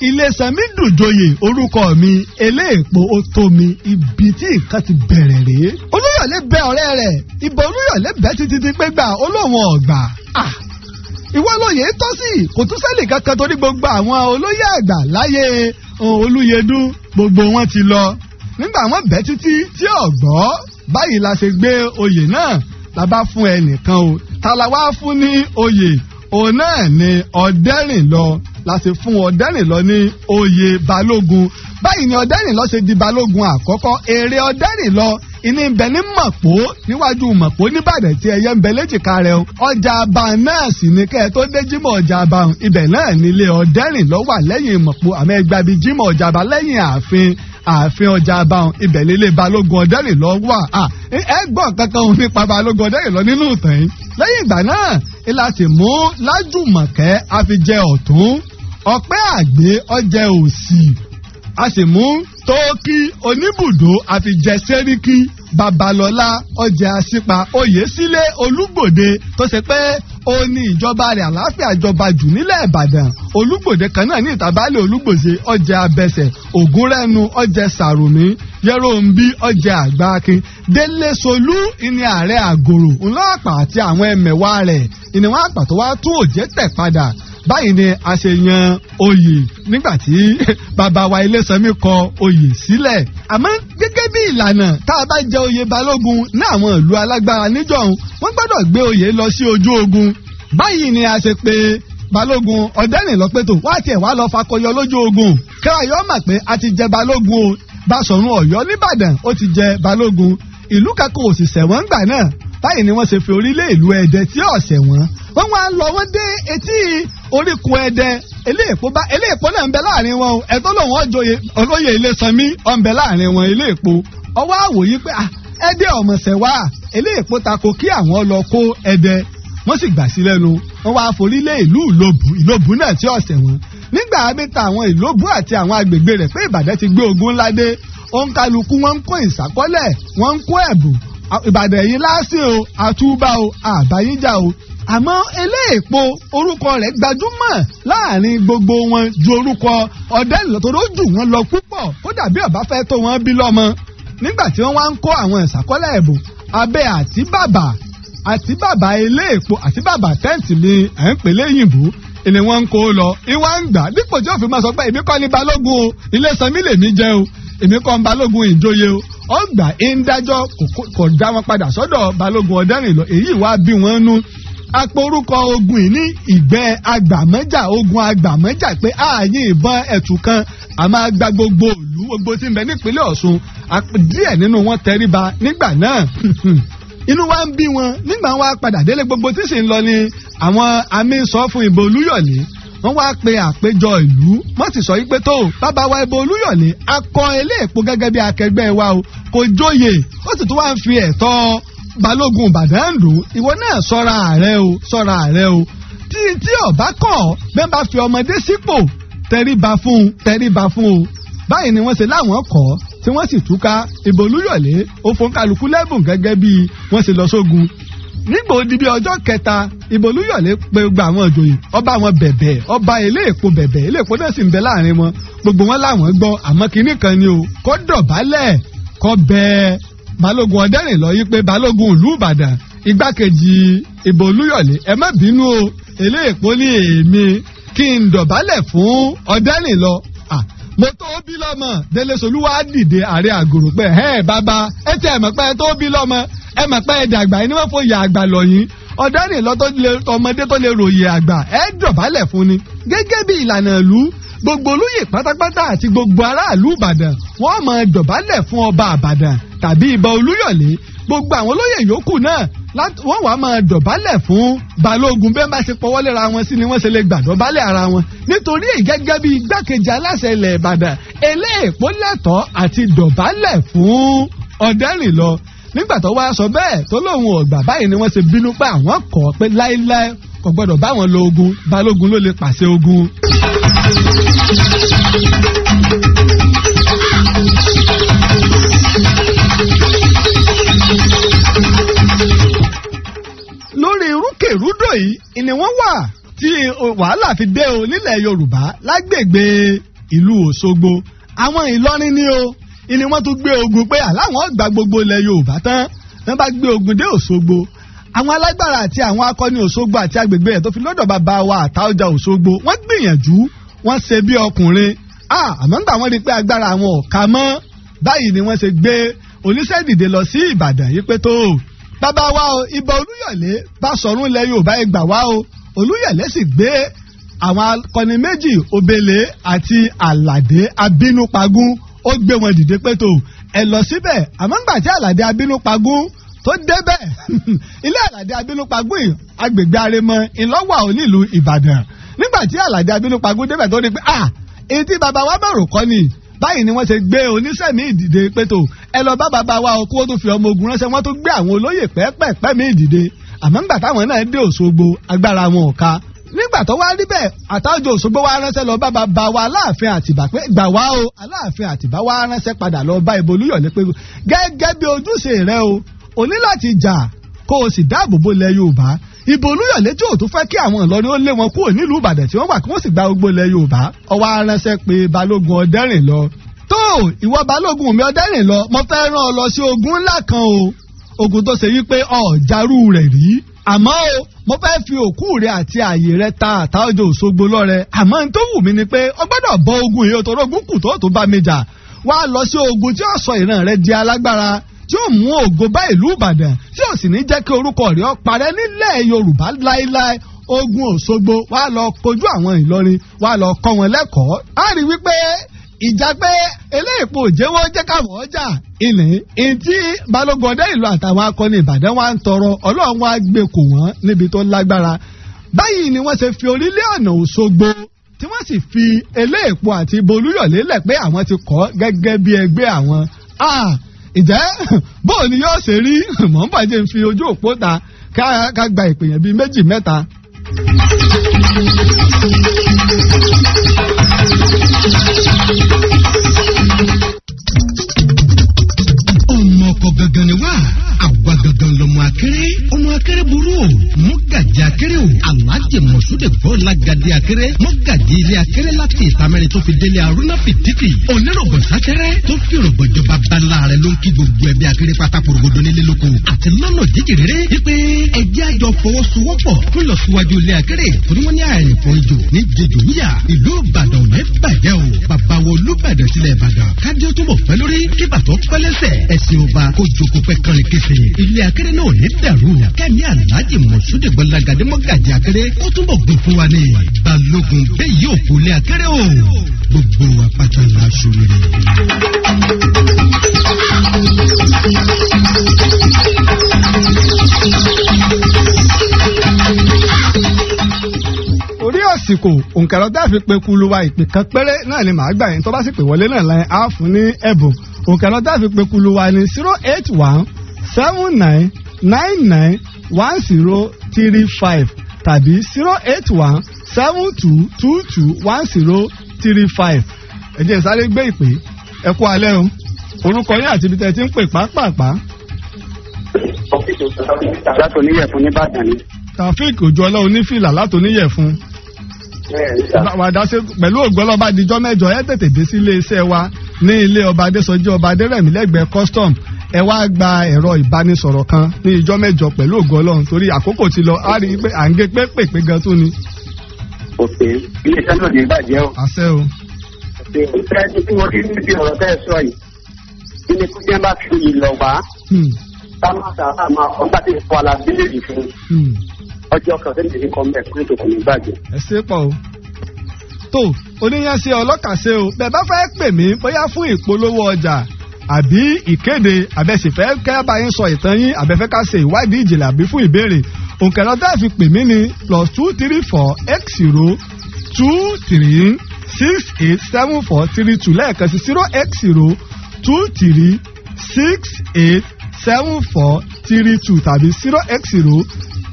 [SPEAKER 3] ilésanmi dùjòyè orúkọ mi eléèpo ó tó mi ibi tí nǹkan ti bẹ̀rẹ̀ rèé. olúyọ̀lé bẹ ọ̀rẹ́ rẹ̀ ìbọn olúyọ̀lé bẹ títí ti pé gbà olóhùn ọ̀gbà ìwọ lóye tó sì kò tún sẹ́lì kankan torí gbogbo àwọn olóyè àgbà láyé olúyẹdùn gbogbo wọn ti lọ nígbà wọn bẹ́ títí tí ò gbọ́ báyìí la ṣe gbé oyè náà la bá fún ẹnìkan o ta la wá fún ní oyè òun náà ni ọ̀dẹ́rìnlọ la ṣe fún ọ̀dẹ́rìnlọ ní oyè balógun báyìí ni ọ̀dẹ́rìnlọ ṣe di balógun àkọ́kọ́ èrè ọ̀dẹ́rìnlọ ìní ń bẹ ní mọ̀pó níwájú mọ̀pó nìbàdàn tí ẹyẹ ń bẹ léjìká rẹ o ọjà àbá náà sì ni kẹ́ ẹ tó dé jímọ̀ ọjà àbá ibẹ̀ náà nílé ọ̀dẹ́rìn ló wà lẹ́yìn mọ̀pó jímọ̀ ọjà àbá ààfin ààfin ọjà abáhùn ibẹ̀ lélẹ̀ balógun ọ̀dẹ́rìn lọ wà á ẹ gbọ́ kankan òun nípa balógun ọ̀dẹ́rìn lọ nínú ìtàn yìí lẹ́yìn ìgbà náà ilà sì mú lájùmọ̀kẹ́ àfijẹ ọ̀tún ọ̀pẹ́ àgbẹ̀ ọjẹ òsì a sì mú tóókì oníbùdó àfijẹ sẹ́ríkì babalọ́lá ọjà àṣìpa oyèsílẹ̀ olúgbòde tó ṣe pé ó ní ìjọba rẹ̀ àlàáfíà jọba jù nílẹ̀ ìbàdàn olúgbòde kan náà ní ìtàbálẹ̀ olúgbòde ọjà abẹsẹ̀ ògúnrẹ́nu ọjà sàrùmí yẹ́rọ̀ǹbí ọjà àgbákin délé solú ìní ààrẹ àgòrò ńlọ́ọ̀pá àti àwọn ẹ̀mẹ̀wá rẹ̀ ìníwọ̀n àgbà tún òjé tẹ̀ padà báyìí ni a ṣe yan oyè nígbà tí bàbá wa Ilésanmí kọ oyè sílẹ̀ àmọ́ gẹ́gẹ́ bí ìlànà tá a bá jẹ oyè balógun ní àwọn ìlú alágbára níjọ̀hún wọ́n gbọ́dọ̀ gbé oyè lọ sí ojú ogun báyìí ni a ṣe pé balógun ọ̀dẹ́rìnlọ́pẹ̀tò wá tiẹ̀ wá lọ fakọyọ lójú ogun kíláyọ̀ mọ̀ pé a ti jẹ balógun o Báṣọ̀run Ọ̀yọ́ nìbàdàn ó ti jẹ balógun ìlú kankan ò sẹ̀wọ̀n gbà náà báyìí ni wọ́n ṣe fi orílẹ̀ ìlú ẹ̀dẹ tí ọ̀sẹ̀ wọn wọ́n wá ń lọ wọ́n dé etí oríkun ẹ̀dẹ eléèpo bá eléèpo náà ń bẹ láàrin wọn o ẹ̀tọ́ lòun ọjọyè olóyè Ilésanmí ó ń bẹ láàrin wọn eléèpo ọwọ́ àwòyí pé ẹ̀dẹ ọ̀mọ̀sẹ̀ wá eléèpo tako kí àwọn lọ kó ẹ̀dẹ wọ́n sì gbà sí lẹ́nu wọ́n wá forílẹ̀ ìlú ìlòbù ìlòbù náà tí ọ̀sẹ̀ wọn nígbà abẹ́ta àwọn ìlòbù àti àwọn agbègbè rẹ̀ pé Ìbàdàn ti gbé ogun ńlá dé òǹkàlùkù wọn ń kó ìsàkọ́lẹ̀ wọ́n ń kó ẹ̀bùn ìbàdàn yìí lásìkò o àtúbà o àbáyíjà o àmọ́ eléèpo orúkọ rẹ̀ gbajúmọ̀ láàrin gbogbo wọn ju orúkọ ọ̀dẹ́lọ́tòrò jù wọn lọ púpọ̀ ó dàbí ọ̀bá fẹ́ tó wọn bí lọ́mọ nígbà tí wọ́n wá ń kó àwọn ìsàkọ́lẹ̀ ẹ̀bùn abẹ́ àti bàbà àti bàbà eléèpo àti bàbà tẹ́ǹtì mi ẹ̀ ń pè léyìnbó ni ń kó lọ ìwà ń gbà dípò tí ó máa sọ pé èmi kọ́ ni balógun o ilé sanmi lèmi jẹ́ o èmi kọ́ ń balógun ìjòyè o ọgbà ń dájọ́ kò dá wọn padà sọ́dọ̀ balógun ọ̀dẹ́rìnlọ èyí wàá bí wọ́n nú aporúkọ ogun yìí ní ìgbẹ́ agbàmọ́jà ogun agbàmọ́jà pé ààyè ìbọn ẹ̀tù kan a máa gba gbogbo ìlú gbogbo tí ń bẹ nípínlẹ̀ Ọ̀ṣun díẹ̀ nínú wọn tẹríba nígbà náà inú wa ń bí wọn nígbà wọn padà délé gbogbo tí sì ń lọ ni àwọn àmì sọ fún ìbò Olúyọ̀lé wọ́n wá pe àpéjọ ìlú wọ́n ti sọ yí pé tó bàbá wa ibo olúyọ̀lé akọ eléèpo gẹ́gẹ́ bí akẹgbẹ́ wa o kò jóye ó sì tún wá ń fi ẹ̀tọ́ balógun ìbàdàn dùn ìwọ náà sọ́ra ààrẹ o sọ́ra ààrẹ o tí tí ọ̀bá kọ̀ bẹ́ẹ̀ bá fi ọmọdé sípò tẹríba fún tẹríba fún o báyìí ni wọ́n ṣe láwọn kọ́ tí wọ́n sì túká ìbò olúyọ̀lé ó kálukú lẹ́bùn gẹ́gẹ́ bí wọ́n ṣe lọ sógun nígbà odi bíi ọjọ́ kẹta ìbòlúyọ̀lé pe gba àwọn ìjòyè ọba àwọn bẹ̀bẹ̀ ọba eléèpo bẹ̀bẹ̀ eléèpo náà sì ń bẹ láàrin wọn gbogbo wọn làwọn gbọ́ àmọ́ kinní kan ni o kó dọ̀bálẹ̀ kó bẹ̀ balógun ọ̀dẹ́rìn lọ yí pé balógun ìlú ìbàdàn igbákejì ìbòlúyọ̀lé ẹ má bínú o eléèpo ní èmi kí n dọ̀bálẹ̀ fún ọ̀dẹ́rìn lọ mo tó bí lọ́mọ délé solúwa dìde àárẹ̀ àgòrò pé ẹ bàbá ẹ tẹ ẹ mọ̀ pé ẹ tó bí lọ́mọ ẹ mọ̀ pé ẹ dàgbà ẹ ní wọ́n fòye àgbà lọ́yìn ọ̀daràn ọmọdé tó lè ròyè àgbà ẹ dọ̀bálẹ̀ fún ni gẹ́gẹ́ bí ìlànà ìlú gbogbo olóyè pátápátá àti gbogbo aráàlú ìbàdàn wọ́n máa dọ̀bálẹ̀ fún ọba àbàdàn tàbí ìbà olúyọ̀lé gbogbo àwọn olóyè yòókù náà wọ́n wàá máa dọ̀bálẹ̀ fún balógun bẹ́ẹ̀ bá ṣe pọ́wọ́lẹ́ra wọn sí ni wọ́n ṣe lè gbà dọ̀bálẹ̀ ara wọn nítorí èyí gẹ́gẹ́ bí igbákejì aláṣẹ ilẹ̀ ìbàdàn eléèpó lẹ́tọ̀ọ́ àti dọ̀bálẹ̀ fún ọ̀dẹ́rìnlọ nígbà tó wá sọ bẹ́ẹ̀ tó lóun ọ̀gbà báyìí ni wọ́n ṣe bínú pé àwọn kọ̀ pé láéláé kò gbọ́dọ̀ bá wọn lo ogun balógun ló lè pàṣẹ ogun. tí wàhálà fi dé o nílẹ̀ yorùbá lágbègbè ìlú òṣogbo àwọn ìlọrin ni o ni wọ́n tún gbé ogun pé àláwọn gba gbogbo ilẹ̀ yorùbá tán wọ́n bá gbé ogun dé òṣogbo àwọn alágbára àti àwọn akọni òṣogbo àti agbègbè rẹ̀ tó fi lọ́dọ̀ bàbá wa àtàwọ̀jà òṣogbo wọ́n gbìyànjú wọ́n ṣe bí ọkùnrin àmọ́ nígbà wọ́n rí pé agbára àwọn ọ̀ka mọ́ báyìí ni wọ́n ṣe gbé oníṣẹ́ dìde lọ sí ìbàdàn yìí pé tó bàbá wa o ìbọn olúyọ̀lé bá sọ̀rún ilẹ̀ yorùbá ẹ gbà o olúyẹ̀lé sì gbé àwọn akọni méjì obele àti abinu abínúpagún ó gbé wọn dìde pẹ́tò ẹ lọ síbẹ̀ àmọ́ ńgbà tí àlàdé abínúpagún tó débẹ̀ ilé àlàdé abínúpagún agbègbè aremọ ìlọ́wà onílùú ìbàdàn nígbà tí àlàdé abínúpagún débẹ̀ tó ní pé ah etí baba wa bẹ̀rù kọ́ ni báyìí ni wọ́n ṣe gbé oníṣẹ́mi ìdìde pẹ́tò ẹ lọ bá bàbá wa ọkú ó tún fi ọmọ ogun ránṣẹ́ wọ́n tún gbé àwọn olóyè pẹ́ẹ́pẹ́ẹ́pẹ́ mi ìdìde àmọ́ ńgbà táwọn náà dé Òṣogbo agbára wọn ò ká nígbà tó wá rí bẹ́ẹ̀ àtàjọ Òṣogbo wa ránṣẹ́ lọ bá bàbá wa Aláàfin Àtìbà pé gbà wá o Aláàfin Àtìbà wa ránṣẹ́ padà lọ bá Ìbólúyọ̀lé pé gẹ́gẹ́ bí ojúṣe rẹ o ò ní láti jà kó o sì dáàbò bo ilẹ̀ Yorùbá Ìbólúyọ̀lé tí ò tún fẹ́ kí àwọn Ìlọrin ó lé wọn kúrò nílùú Ìbàdàn tí wọ́n wà kí wọ́n sì gba gbogbo ilẹ̀ Yorùbá ó wá pé Balógun Ọdẹ́rìn lọ tó ìwọ Balógun mi Ọdẹ́rìn lọ mo fẹ́ rán ọ lọ sí ogun ńlá kan o ogun tó ṣe wípé ọ̀járú rẹ̀ rí àmọ́ o mo fẹ́ fi òkú rẹ àti ààyè rẹ ta àtàjọ òṣogbo lọ́rẹ àmọ́ n tó wù mí ni pé o gbọ́dọ̀ bọ ogun yìí o tọrọ kù tó tó bá mi jà wá lọ sí ogun tí ó ìran rẹ di alágbára tí ó mú ògo bá ìlú ìbàdàn tí ó sì ní jẹ́ kí orúkọ rẹ ó parẹ́ nílẹ̀ yorùbá láéláé ogun òṣogbo wá lọ kojú àwọn ìlọrin wá lọ kọ́ wọn lẹ́kọ̀ọ́ á rí wípé ìjà pé eléèpo òjẹ́wọ́ jẹ́ káwọn ọjà ilẹ̀ ìtí balógun ọdẹ ìlú àtàwọn akọni ìbàdàn wa ń tọrọ ọlọ́run wa gbé kò wọ́n níbi tó lágbára báyìí ni wọ́n ṣe fi orílẹ̀ ọ̀nà òṣogbo tí wọ́n sì fi eléèpo àti bolúyọ̀lé lẹ̀ pé àwọn ti kọ́ gẹ́gẹ́ bí ẹgbẹ́ àwọn ìjẹ́ bóò ni yóò ṣe rí mọ̀ ń bàjẹ́ fi ojú òpó ta ká gba ìpèyàn bíi méjì mẹ́ta.
[SPEAKER 2] gangan ni wá.
[SPEAKER 4] gangan lọmọ akéré ọmọ akéré burú o mú gàjà akéré o alájẹ mọ̀súdẹ gbọ́ lágadé akéré mú gàjẹ ilé akéré láti ìtàmẹ́rin tó fi délé arúnà fìdíkì onírògbọ̀n sátẹ́rẹ́ tó fi rògbò jọba bala rẹ̀ ló ń kí gbogbo ẹbí akéré pátá porogodo nílé lóko àti lọ́nà jíjì rere wípé ẹjẹ́ àjọ fọwọ́sowọ́pọ̀ fún ìlọsíwájú ilé akéré torí wọ́n ní àìrìn fún ijó ní jẹjọ níyà ìlú ìbàdàn ní akéré náà ò ní dàrú kẹ́mi aláàjì mọ̀súdì gbọ́lágadé mọ́gàjì akéré ó túbọ̀ gbé
[SPEAKER 3] fún wa ní balógun bẹ́ẹ̀ yóò kú akéré o gbogbo apáta ńlá aṣọ́rẹ́ orí àsìkò òǹkàrọ dáàfi pé kulu wa ìpè kan péré náà ni màá gbà yín tó bá sì pè wọlé náà lẹ́yìn á fún ní ẹ̀bùn òǹkàrọ dáàfi pé kulu wa ní zero eight one seven nine nine nine one zero three five tàbí zero eight one seven two two two one zero three five. ẹ jẹ́ sáré gbé ìpè ẹ kú alẹ́ o orúkọ yín àti ibi tẹ́ ti ń pè pàápàá.
[SPEAKER 5] látò níyẹ̀fun nìbàdàn ni.
[SPEAKER 3] taofeek ojúọlá onífìlà látò níyẹ̀fun. wàdásẹ́ pẹ̀lú ògbọ́lọ́ba àdìjọ́ mẹ́jọ ẹ tètè dé sí ilé iṣẹ́ wa ní ilé ọba adésọjí ọba adérẹ̀mí lẹ́gbẹ̀ẹ́ custom ẹ wá gba ẹ̀rọ ìbánisọ̀rọ̀ kan ní ìjọ́ mẹ́jọ pẹ̀lú ògo Ọlọ́run torí àkókò ti lọ a rí i pé à ń gé pépèpé gan tó ni.
[SPEAKER 1] òkè ilé iṣẹ́ náà ní ìbàjẹ́ o. àṣẹ o. òkè ìfẹ́ ẹni tí wọ́n ti ní ibi ọ̀rọ̀ bẹ́ẹ̀ sọ yìí kí ni kúndé bá fi ìlọ wá. táwọn
[SPEAKER 4] àtàwọn àmọ́ ọgbà tí ìfọ alábílẹ̀ yìí fún hmm. ọjọ́ kan tó ní ìdíkọ́ mẹ́ kúndé tó kò ní
[SPEAKER 3] tó oníyanṣe ọlọ́kàṣe o bẹ́ẹ̀ bá fẹ́ pè mí bóyá fún ìpolówó ọjà àbí ìkéde àbẹ̀sìfẹ́ kẹ́ bá yín sọ ìtàn yín àbẹ̀fẹ́ ká ṣe ìwádìí ìjìnlẹ̀ àbí fún ìbéèrè òǹkẹ̀rọ tẹ́ fi pè mí ni plus two three four x zero two three six eight seven four three two lẹ́ẹ̀kan sí zero x zero two three six eight seven four three two tàbí zero x zero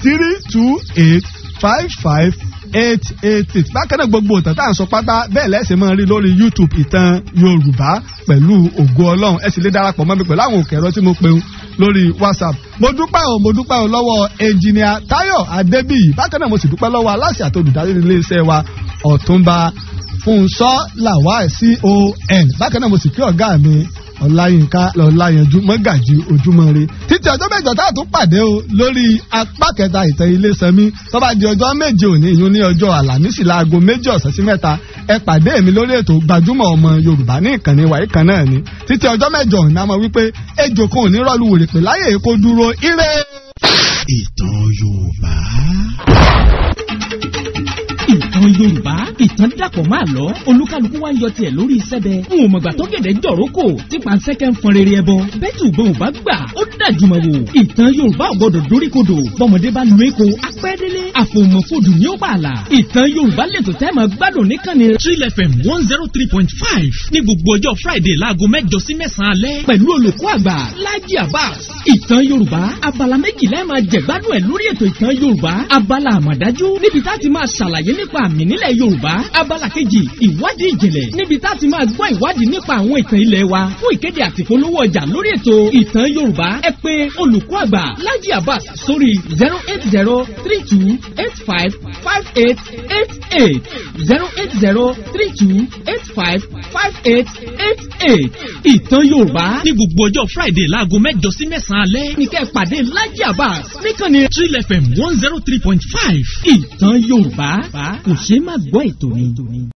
[SPEAKER 3] three two eight five five eight eight eight bákan náà gbogbo ìtàn tá à ń sọ pátá bẹ́ẹ̀ lẹ́sẹ̀ máa rí lórí YouTube ìtàn Yorùbá pẹ̀lú ògo Ọlọ́run ẹ sì lè darapọ̀ mọ́ mi pẹ̀lú àwọn òkè ẹ̀rọ tí mo pe lórí WhatsApp mo dúpẹ́ o mo dúpẹ́ o lọ́wọ́ ẹnjìnìà Táyọ̀ Adébíyì bákan náà mo sì dúpẹ́ lọ́wọ́ aláṣẹ àtolùdarí iléeṣẹ́ wa Ọ̀túnba Fúnṣọ́ Làwá C O N bákan náà mo sì kí ọ̀gá mi ọláyínká ọláyanjú mọ́gàjì ojúmọ́re títí ọjọ́ mẹ́jọ tá a pàdé o lórí apá kẹta ìtàn Ilésanmí tó bá di ọjọ́ méje òní ìyún ní ọjọ́ àlàmísì láago méjì ọ̀sán sí mẹ́ta ẹ pàdé mi lórí ètò gbajúmọ̀ ọmọ Yorùbá ní ìkànnì wàyí kan náà títí ọjọ́ mẹ́jọ òní àmọ́ wípé ejò kan ò ní rọ́ọ̀lù wèrè pé láyé èkó dúró ire. ìtàn Yorùbá
[SPEAKER 4] ìtàn yorùbá ìtàn dàpọ̀ máa lọ olúkálukú wa ń yọ tiẹ̀ lórí sẹ́bẹ̀ n ò mọ̀gbà tó gẹ̀dẹ̀ jọ̀rókò tí pàǹsẹ́kẹ́ ń fọn rere ẹbọ bẹ́tù gbọ́n ò bá gbà ó dàjùmọ̀ wò ìtàn yorùbá ò gbọdọ̀ dóríkodò bọ́mọdé bá lu èkó apẹ́délé àfòmọ̀fòdù ní ó bàlà ìtàn yorùbá lẹ́tọ̀ tẹ́ máa gbádùn níkànnì Trill FM one zero three point five ní gbogbo ọjọ́ friday láago mẹ́jọ sí mẹ́sàn-án alẹ́ pẹ̀lú olùkọ́ àgbà Lájí Abbas ìtàn yorùbá abala méjìlá ẹ̀ máa jẹ̀gbádùn ẹ̀ lórí ètò ìtàn yorùbá abala àmọ̀dájú níbi tá a ti máa ṣàlàyé nípa àmì nílẹ̀ Yorùbá abala kejì ìwádìí ìjìnlẹ̀ níbi tá a ti máa gbọ́ ìwádìí nípa àwọn ìtàn ilẹ̀ wa fún ìkéde àti ìpolówó ọjà lórí ètò ìtàn Yorùbá ẹ pè olùkọ́ àgbà Laji Abbas sórí zero eight zero three two eight five five eight eight eight zero eight zero three two eight five five eight eight eight ìtàn Yorùbá ní gbogbo ọjọ́ Friday láago mẹ́jọ sí mẹ́sàn-án alẹ́ ní kẹ́ pàdé Laji Abbas níkànnì Trill FM one zero three point five ìtàn Yorùbá kò cima do Aiturim.